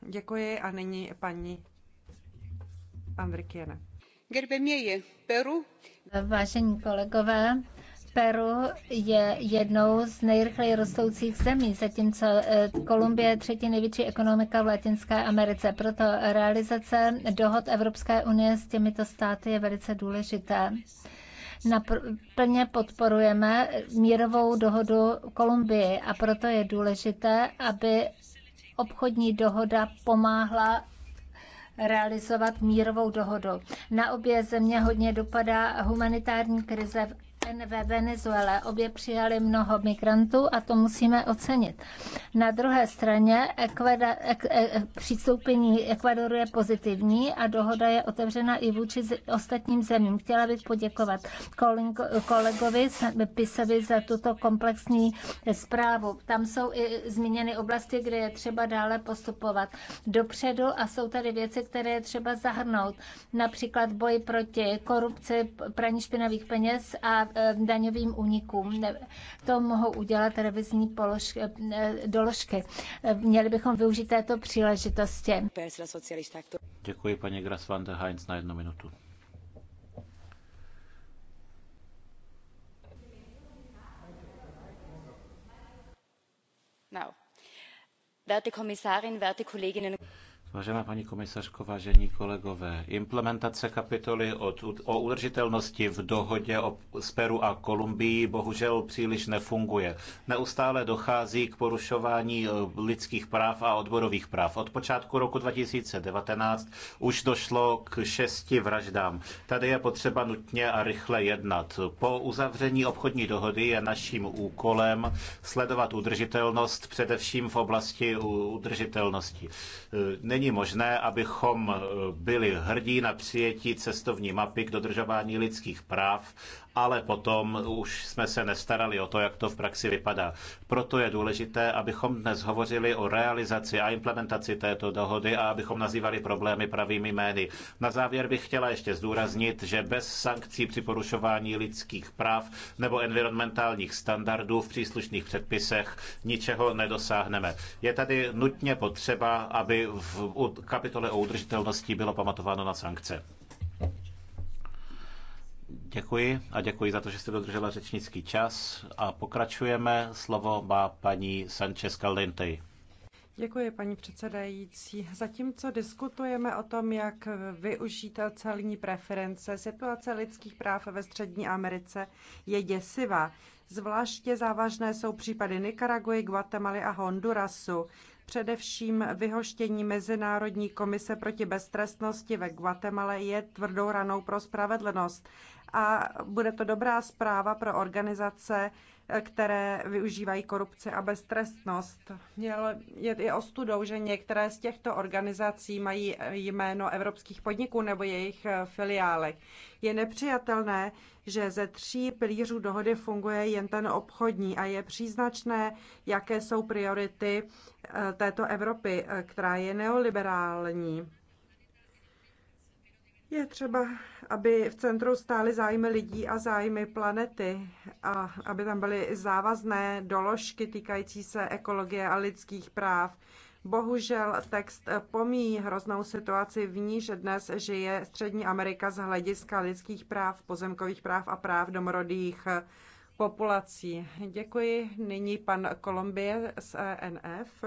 Děkuji a nyní paní Vážení kolegové, Peru je jednou z nejrychleji rostoucích zemí, zatímco eh, Kolumbie je třetí největší ekonomika v Latinské Americe. Proto realizace dohod Evropské unie s těmito státy je velice důležité. Napr- plně podporujeme mírovou dohodu Kolumbii a proto je důležité, aby obchodní dohoda pomáhla realizovat mírovou dohodu. Na obě země hodně dopadá humanitární krize ve Venezuele obě přijali mnoho migrantů a to musíme ocenit. Na druhé straně ekvada, ek, ek, e- přistoupení Ekvadoru je pozitivní a dohoda je otevřena i vůči z, ostatním zemím. Chtěla bych poděkovat kolegovi Pisovi za tuto komplexní zprávu. Tam jsou i zmíněny oblasti, kde je třeba dále postupovat dopředu a jsou tady věci, které je třeba zahrnout. Například boj proti korupci, praní špinavých peněz a Eh, daňovým únikům. To mohou udělat revizní položky, eh, doložky. Eh, měli bychom využít této příležitosti. Děkuji paní Grasvante Heinz na jednu minutu. Now. Werte Kommissarin, werte Kolleginnen und Vážená paní komisařko, vážení kolegové, implementace kapitoly od, o udržitelnosti v dohodě o, s Peru a Kolumbií bohužel příliš nefunguje. Neustále dochází k porušování eh, lidských práv a odborových práv. Od počátku roku 2019 už došlo k šesti vraždám. Tady je potřeba nutně a rychle jednat. Po uzavření obchodní dohody je naším úkolem sledovat udržitelnost, především v oblasti udržitelnosti. Eh, není není možné, abychom eh, byli hrdí na přijetí cestovní mapy k dodržování lidských práv ale potom už jsme se nestarali o to, jak to v praxi vypadá. Proto je důležité, abychom dnes hovořili o realizaci a implementaci této dohody a abychom nazývali problémy pravými jmény. Na závěr bych chtěla ještě zdůraznit, že bez sankcí při porušování lidských práv nebo environmentálních standardů v příslušných předpisech ničeho nedosáhneme. Je tady nutně potřeba, aby v kapitole o udržitelnosti bylo pamatováno na sankce. Děkuji a děkuji za to, že jste dodržela řečnický čas a pokračujeme. Slovo má paní Sanchez Caldente. Děkuji, paní předsedající. Zatímco diskutujeme o tom, jak využít celní preference, situace lidských práv ve Střední Americe je děsivá. Zvláště závažné jsou případy Nikaraguji, Guatemaly a Hondurasu. Především vyhoštění Mezinárodní komise proti beztrestnosti ve Guatemale je tvrdou ranou pro spravedlnost a bude to dobrá zpráva pro organizace, které využívají korupci a beztrestnost. Je i ostudou, že některé z těchto organizací mají jméno evropských podniků nebo jejich eh, filiálek. Je nepřijatelné, že ze tří pilířů dohody funguje jen ten obchodní a je příznačné, jaké jsou priority eh, této Evropy, eh, která je neoliberální. Je třeba, aby v centru stály zájmy lidí a zájmy planety a aby tam byly závazné doložky týkající se ekologie a lidských práv. Bohužel text pomíjí hroznou situaci, v níž dnes žije Střední Amerika z hlediska lidských práv, pozemkových práv a práv domorodých populací. Děkuji. Nyní pan Kolumbie z ENF.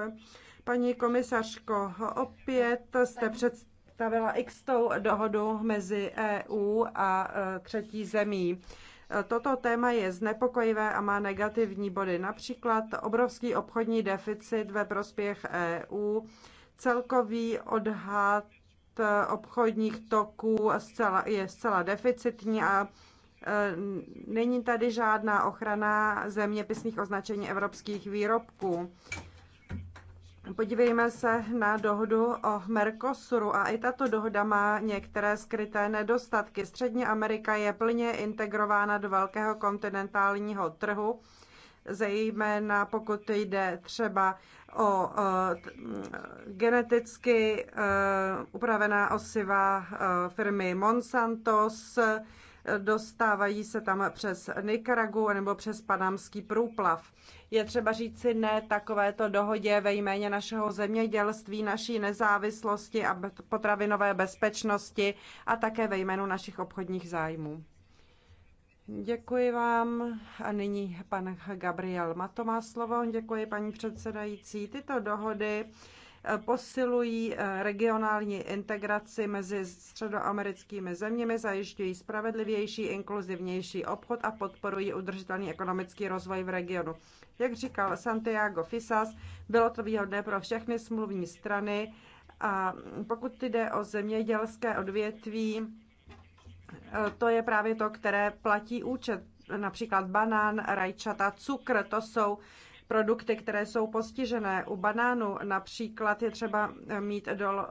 Paní komisařko, opět jste před představila xtou dohodu mezi EU a e, třetí zemí. E, toto téma je znepokojivé a má negativní body, například obrovský obchodní deficit ve prospěch EU, celkový odhad e, obchodních toků je zcela deficitní a není tady žádná ochrana zeměpisných označení evropských výrobků. Podívejme se na dohodu o Mercosuru a i tato dohoda má některé skryté nedostatky. Střední Amerika je plně integrována do velkého kontinentálního trhu, zejména pokud jde třeba o eh, geneticky eh, upravená osiva eh, firmy Monsantos, dostávají se tam přes Nikaragu nebo přes panamský průplav. Je třeba říci ne takovéto dohodě ve jméně našeho zemědělství, naší nezávislosti a potravinové bezpečnosti a také ve jménu našich obchodních zájmů. Děkuji vám. A nyní pan Gabriel Mato má slovo. Děkuji, paní předsedající. Tyto dohody posilují eh, regionální integraci mezi středoamerickými zeměmi, zajišťují spravedlivější, inkluzivnější obchod a podporují udržitelný ekonomický rozvoj v regionu. Jak říkal Santiago Fisas, bylo to výhodné pro všechny smluvní strany a pokud jde o zemědělské odvětví, eh, to je právě to, které platí účet například banán, rajčata, cukr, to jsou produkty, které jsou postižené. U banánů například je třeba mít do, eh,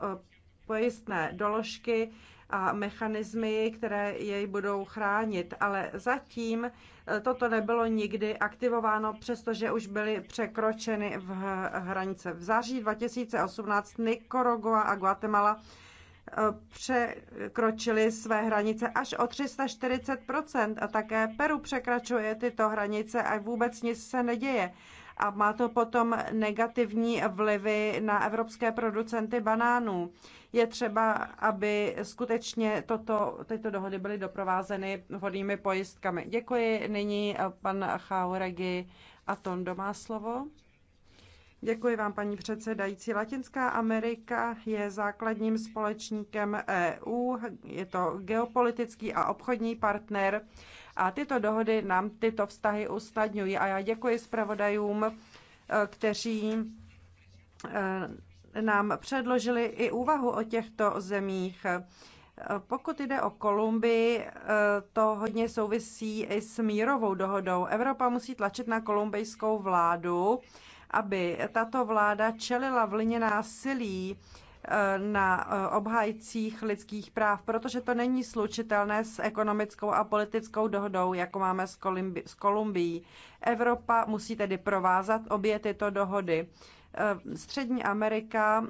pojistné doložky a mechanismy, které jej budou chránit, ale zatím eh, toto nebylo nikdy aktivováno, přestože už byly překročeny v hranice. V září 2018 Nicaragua a Guatemala eh, překročili své hranice až o 340 a také Peru překračuje tyto hranice a vůbec nic se neděje a má to potom negativní vlivy na evropské producenty banánů. Je třeba, aby skutečně toto, tyto dohody byly doprovázeny vhodnými pojistkami. Děkuji. Nyní eh, pan Chauregi Atondo má slovo. Děkuji vám, paní předsedající. Latinská Amerika je základním společníkem EU, je to geopolitický a obchodní partner a tyto dohody nám tyto vztahy usnadňují. A já děkuji zpravodajům, eh, kteří eh, nám předložili i úvahu o těchto zemích. Eh, pokud jde o Kolumbii, to hodně souvisí i s mírovou dohodou. Evropa musí tlačit na kolumbijskou vládu, aby tato vláda čelila vlně násilí, Eh, na eh, obhajcích lidských práv, protože to není slučitelné s ekonomickou a politickou dohodou, jako máme s, Kolumbi- s Kolumbií. Evropa musí tedy provázat obě tyto dohody. Eh, Střední Amerika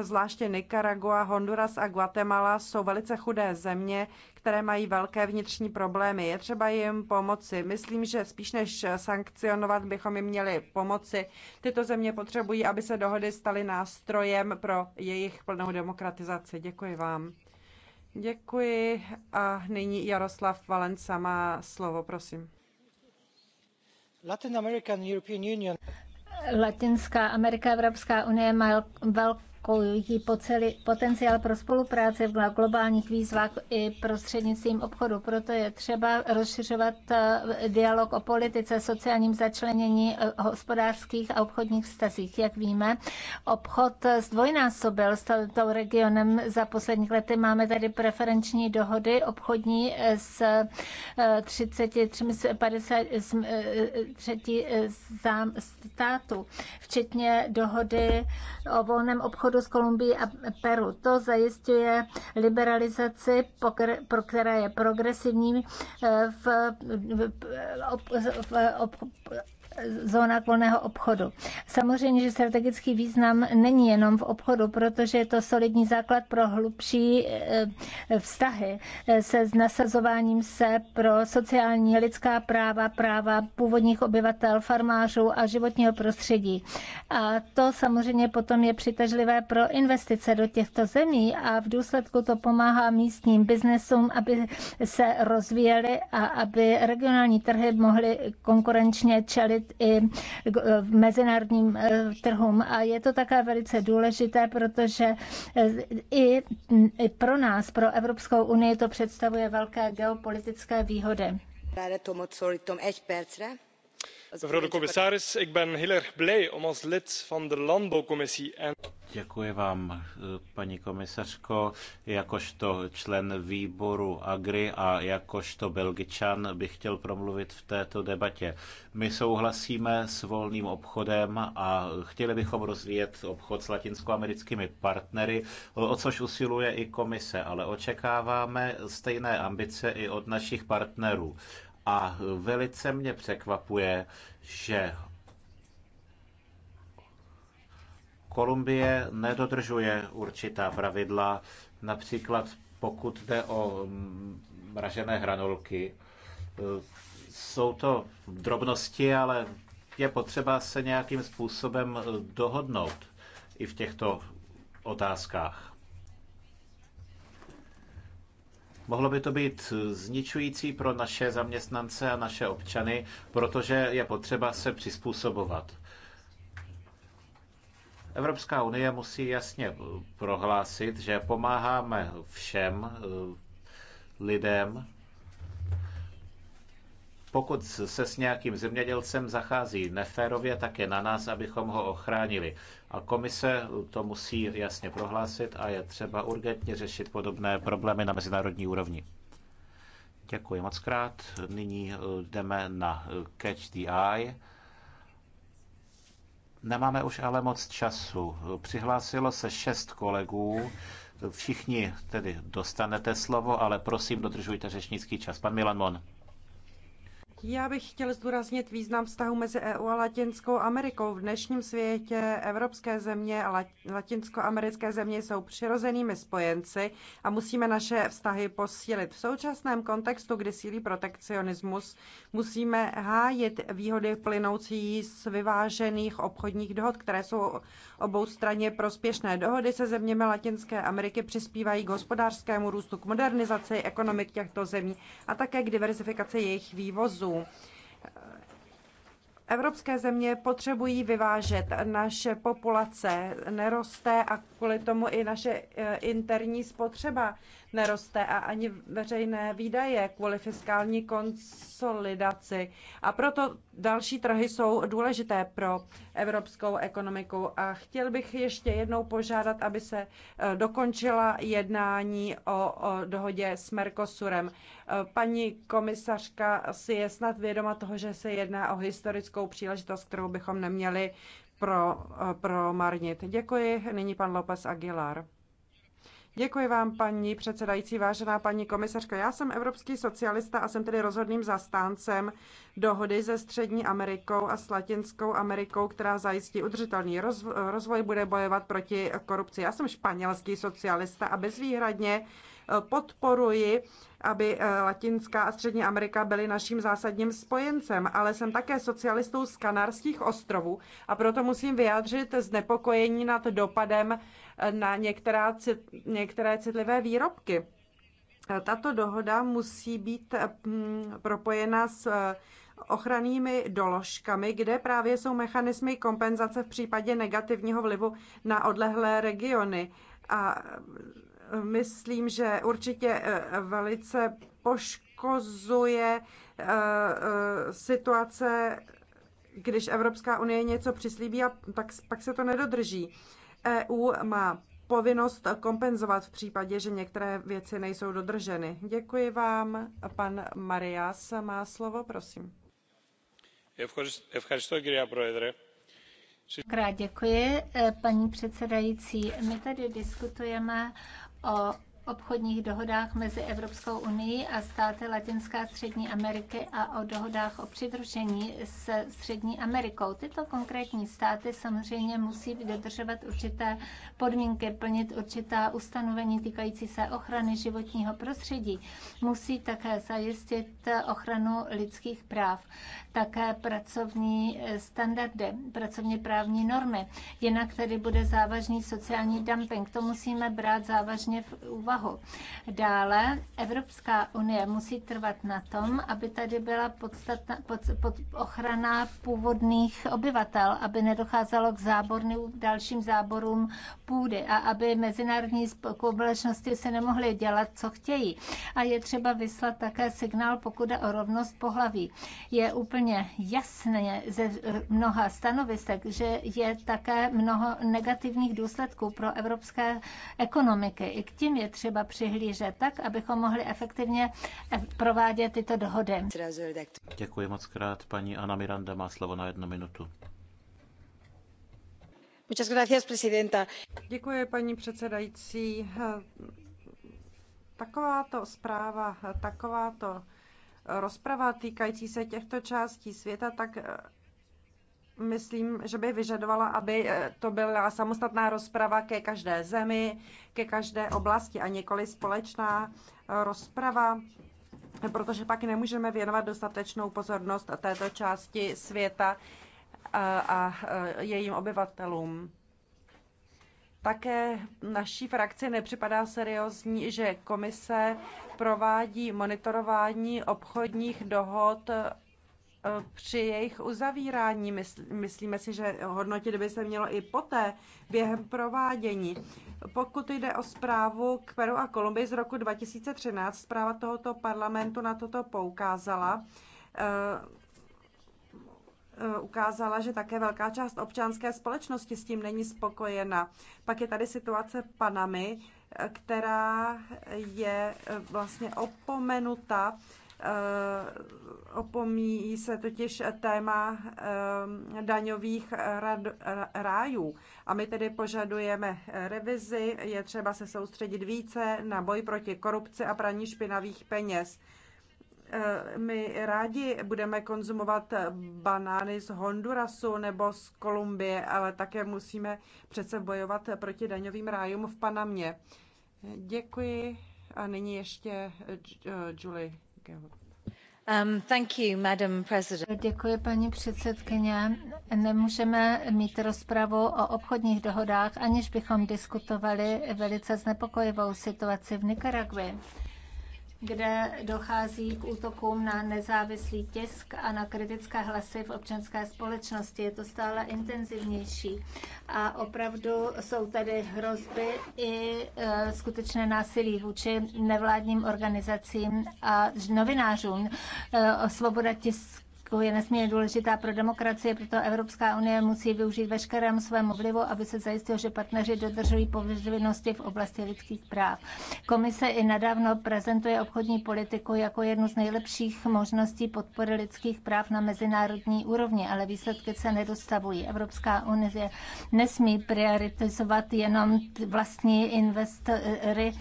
zvláště Nicaragua, Honduras a Guatemala jsou velice chudé země, které mají velké vnitřní problémy. Je třeba jim pomoci. Myslím, že spíš než sankcionovat bychom jim měli pomoci. Tyto země potřebují, aby se dohody staly nástrojem pro jejich plnou demokratizaci. Děkuji vám. Děkuji a nyní Jaroslav Valenca má slovo, prosím. Latin American European Union. Latinská Amerika, Evropská unie má velkou ukazují potenciál pro spolupráci v globálních výzvách i prostřednictvím obchodu. Proto je třeba rozšiřovat eh, dialog o politice, sociálním začlenění eh, hospodářských a obchodních vztazích. Jak víme, obchod zdvojnásobil s tou regionem za posledních lety. Máme tady preferenční dohody obchodní eh, s 33 50, států, včetně dohody o volném obchodu obchodu s Kolumbií a Peru. To zajišťuje liberalizaci, pro která je progresivní v, v, v, v, v zóna volného obchodu. Samozřejmě, že strategický význam není jenom v obchodu, protože je to solidní základ pro hlubší eh, vztahy eh, se s nasazováním se pro sociální lidská práva, práva původních obyvatel, farmářů a životního prostředí. A to samozřejmě potom je přitažlivé pro investice do těchto zemí a v důsledku to pomáhá místním biznesům, aby se rozvíjely a aby regionální trhy mohly konkurenčně čelit čelit i eh, mezinárodním eh, trhům. A je to také velice důležité, protože eh, i pro nás, pro Evropskou unii, to představuje velké geopolitické výhody mevrouw de commissaris ik ben heel erg blij om als lid van de landbouwcommissie en. Děkuji vám, paní komisařko. Jakožto člen výboru Agri a jakožto Belgičan bych chtěl promluvit v této debatě. My souhlasíme s volným obchodem a chtěli bychom rozvíjet obchod s latinskoamerickými partnery, o což usiluje i komise, ale očekáváme stejné ambice i od našich partnerů. A velice mě překvapuje, že Kolumbie nedodržuje určitá pravidla, například pokud jde o mražené hranolky. Jsou to drobnosti, ale je potřeba se nějakým způsobem dohodnout i v těchto otázkách. Mohlo by to být zničující pro naše zaměstnance a naše občany, protože je potřeba se přizpůsobovat. Evropská unie musí jasně prohlásit, že pomáháme všem eh, lidem, pokud se s nějakým zemědělcem zachází neférově, tak je na nás, abychom ho ochránili. A komise to musí jasně prohlásit a je třeba urgentně řešit podobné problémy na mezinárodní úrovni. Děkuji moc krát. Nyní eh, jdeme na eh, Catch the Eye. Nemáme už ale moc času. Přihlásilo se šest kolegů. Všichni tedy dostanete slovo, ale prosím, dodržujte řečnický čas. Pan Milan Mon. Já bych chtěl zdůraznit význam vztahu mezi EU a Latinskou Amerikou. V dnešním světě evropské země a latinskoamerické země jsou přirozenými spojenci a musíme naše vztahy posílit. V současném kontextu, kdy sílí protekcionismus, musíme hájit výhody plynoucí z vyvážených obchodních dohod, které jsou obou straně prospěšné. Dohody se zeměmi Latinské Ameriky přispívají k hospodářskému růstu, k modernizaci ekonomik těchto zemí a také k diverzifikaci jejich vývozu. Evropské země potřebují vyvážet. Naše populace neroste a kvůli tomu i naše eh, interní spotřeba neroste a ani veřejné výdaje kvůli fiskální konsolidaci. A proto další trhy jsou důležité pro evropskou ekonomiku. A chtěl bych ještě jednou požádat, aby se e, dokončila jednání o, o dohodě s Mercosurem. E, paní komisařka si je snad vědoma toho, že se jedná o historickou příležitost, kterou bychom neměli pro, e, pro marnit. Děkuji. Nyní pan López Aguilar. Děkuji vám, paní předsedající, vážená paní komisařko. Já jsem evropský socialista a jsem tedy rozhodným zastáncem dohody se Střední Amerikou a s Latinskou Amerikou, která zajistí udržitelný rozvoj, bude bojovat proti korupci. Já jsem španělský socialista a bezvýhradně eh, podporuji, aby eh, Latinská a Střední Amerika byly naším zásadním spojencem, ale jsem také socialistou z Kanárských ostrovů a proto musím vyjádřit znepokojení nad dopadem na některá, některé citlivé výrobky. Tato dohoda musí být mm, propojena s eh, ochrannými doložkami, kde právě jsou mechanismy kompenzace v případě negativního vlivu na odlehlé regiony. A eh, myslím, že určitě eh, velice poškozuje situace, když Evropská unie něco přislíbí a tak, pak se to nedodrží. EU má povinnost kompenzovat v případě, že některé věci nejsou dodrženy. Děkuji vám. Pan Marias má slovo, prosím. Krát děkuji, e, paní předsedající. My tady diskutujeme o obchodních dohodách mezi Evropskou unii a státy Latinská střední Ameriky a o dohodách o přidružení se Střední Amerikou. Tyto konkrétní státy samozřejmě musí dodržovat určité podmínky, plnit určitá ustanovení týkající se ochrany životního prostředí. Musí také zajistit ochranu lidských práv, také pracovní standardy, pracovně právní normy. Jinak tedy bude závažný sociální dumping. To musíme brát závažně v úvahu úvahu. Dále Evropská unie musí trvat na tom, aby tady byla podstatna, pod, pod ochrana původných obyvatel, aby nedocházelo k záborný, dalším záborům půdy a aby mezinárodní společnosti se nemohly dělat, co chtějí. A je třeba vyslat také signál, pokud je o rovnost pohlaví. Je úplně jasné ze mnoha stanovisek, že je také mnoho negativních důsledků pro evropské ekonomiky. I k tím je třeba třeba přihlížet tak, abychom mohli efektivně eh, provádět tyto dohody. Děkuji moc krát. Paní Ana Miranda má slovo na jednu minutu. Děkuji, paní předsedající. Takováto zpráva, takováto rozprava týkající se těchto částí světa, tak myslím, že by vyžadovala, aby eh, to byla samostatná rozprava ke každé zemi, ke každé oblasti a nikoli společná eh, rozprava, protože pak nemůžeme věnovat dostatečnou pozornost této části světa eh, a jejím obyvatelům. Také naší frakci nepřipadá seriózní, že komise provádí monitorování obchodních dohod E, při jejich uzavírání. Myslíme si, že hodnotit by se mělo i poté během provádění. Pokud jde o zprávu k Peru a Kolumbii z roku 2013, zpráva tohoto parlamentu na toto poukázala e, e, ukázala, že také velká část občanské společnosti s tím není spokojena. Pak je tady situace Panamy, která je vlastně opomenuta Eh, opomíjí se totiž téma eh, daňových rájů. A my tedy požadujeme revizi, je třeba se soustředit více na boj proti korupci a praní špinavých peněz. Eh, my rádi budeme konzumovat banány z Hondurasu nebo z Kolumbie, ale také musíme přece bojovat proti daňovým rájům v Panamě. Děkuji. A nyní ještě Julie. Um, paní předsedkyně. Nemůžeme mít rozpravu o obchodních dohodách, aniž bychom diskutovali velice znepokojivou situaci v nikaragui kde dochází k útokům na nezávislý tisk a na kritické hlasy v občanské společnosti. Je to stále intenzivnější a opravdu jsou tady hrozby i e, skutečné násilí vůči nevládním organizacím a novinářům. E, Svoboda tisku je nesmírně důležitá pro demokracii, proto Evropská unie musí využít veškerému svému vlivu, aby se zajistilo, že partneři dodržují povinnosti v oblasti lidských práv. Komise i nedávno prezentuje obchodní politiku jako jednu z nejlepších možností podpory lidských práv na mezinárodní úrovni, ale výsledky se nedostavují. Evropská unie nesmí prioritizovat jenom vlastní investory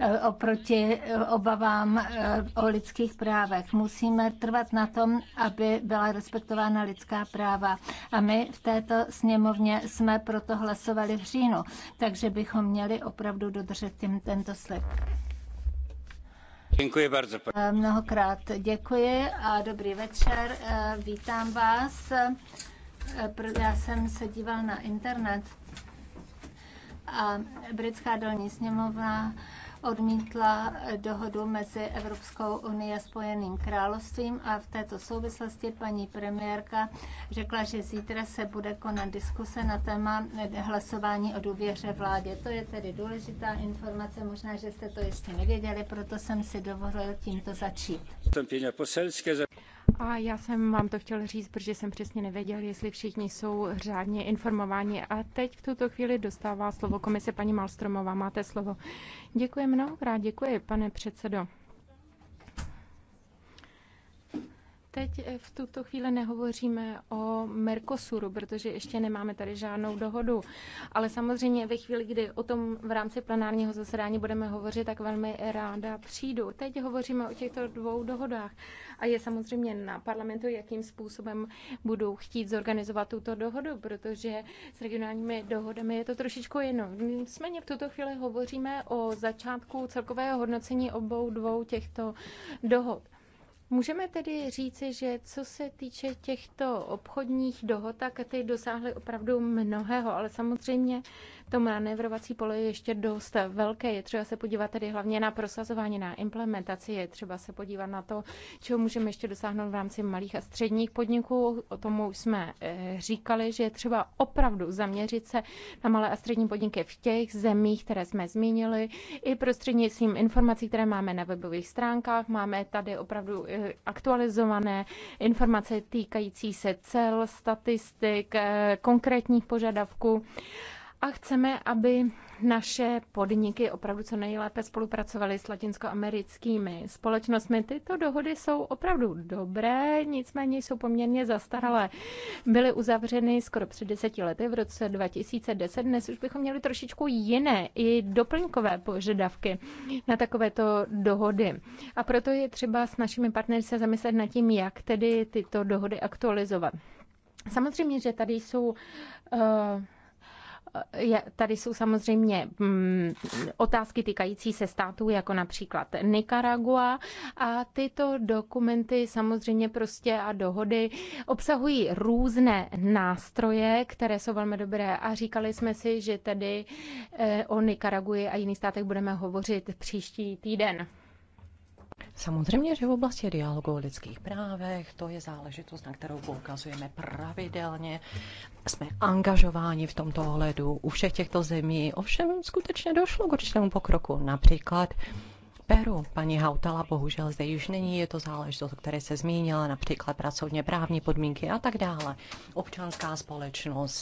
eh, oproti eh, obavám eh, o lidských právech. Musíme trvat na tom, aby byla respektována lidská práva. A my v této sněmovně jsme proto hlasovali v říjnu, takže bychom měli opravdu dodržet tím, tento slib. Děkuji bardzo. Eh, mnohokrát děkuji a dobrý večer. Eh, vítám vás. Eh, já jsem se díval na internet a britská dolní sněmovna odmítla eh, dohodu mezi Evropskou unii a Spojeným královstvím a v této souvislosti paní premiérka řekla, že zítra se bude konat diskuse na téma eh, hlasování o důvěře vládě. To je tedy důležitá informace, možná, že jste to ještě nevěděli, proto jsem si dovolil tímto začít. A já jsem vám to chtěl říct, protože jsem přesně nevěděl, jestli všichni jsou řádně informováni. A teď v tuto chvíli dostává slovo komise paní Malstromová. Máte slovo. Děkuji mnohokrát, děkuji, pane předsedo. Teď eh, v tuto chvíli nehovoříme o Mercosuru, protože ještě nemáme tady žádnou dohodu. Ale samozřejmě ve chvíli, kdy o tom v rámci plenárního zasedání budeme hovořit, tak velmi ráda přijdu. Teď hovoříme o těchto dvou dohodách a je samozřejmě na parlamentu, jakým způsobem budou chtít zorganizovat tuto dohodu, protože s regionálními dohodami je to trošičku jedno. Nicméně v tuto chvíli hovoříme o začátku celkového hodnocení obou dvou těchto dohod. Můžeme tedy říci, že co se týče těchto obchodních dohod, tak ty dosáhly opravdu mnohého, ale samozřejmě to manévrovací pole je ještě dost velké. Je třeba se podívat tedy hlavně na prosazování, na implementaci, je třeba se podívat na to, čeho můžeme ještě dosáhnout v rámci malých a středních podniků. O tom už jsme eh, říkali, že je třeba opravdu zaměřit se na malé a střední podniky v těch zemích, které jsme zmínili, i prostřednictvím informací, které máme na webových stránkách. Máme tady opravdu eh, aktualizované informace týkající se cel, statistik, eh, konkrétních požadavků a chceme, aby naše podniky opravdu co nejlépe spolupracovaly s latinskoamerickými společnostmi. Tyto dohody jsou opravdu dobré, nicméně jsou poměrně zastaralé. Byly uzavřeny skoro před deseti lety v roce 2010. Dnes už bychom měli trošičku jiné i doplňkové požadavky na takovéto dohody. A proto je třeba s našimi partnery se zamyslet nad tím, jak tedy tyto dohody aktualizovat. Samozřejmě, že tady jsou uh, tady jsou samozřejmě mm, otázky týkající se států, jako například Nicaragua. A tyto dokumenty samozřejmě prostě a dohody obsahují různé nástroje, které jsou velmi dobré. A říkali jsme si, že tedy eh, o Nicaraguji a jiných státech budeme hovořit příští týden. Samozřejmě, že v oblasti dialogu o lidských právech to je záležitost, na kterou poukazujeme pravidelně. Jsme angažováni v tomto ohledu u všech těchto zemí. Ovšem skutečně došlo k určitému pokroku. Například Peru. Paní Hautala bohužel zde již není, je to záležitost, o které se zmínila, například pracovně právní podmínky a tak dále. Občanská společnost,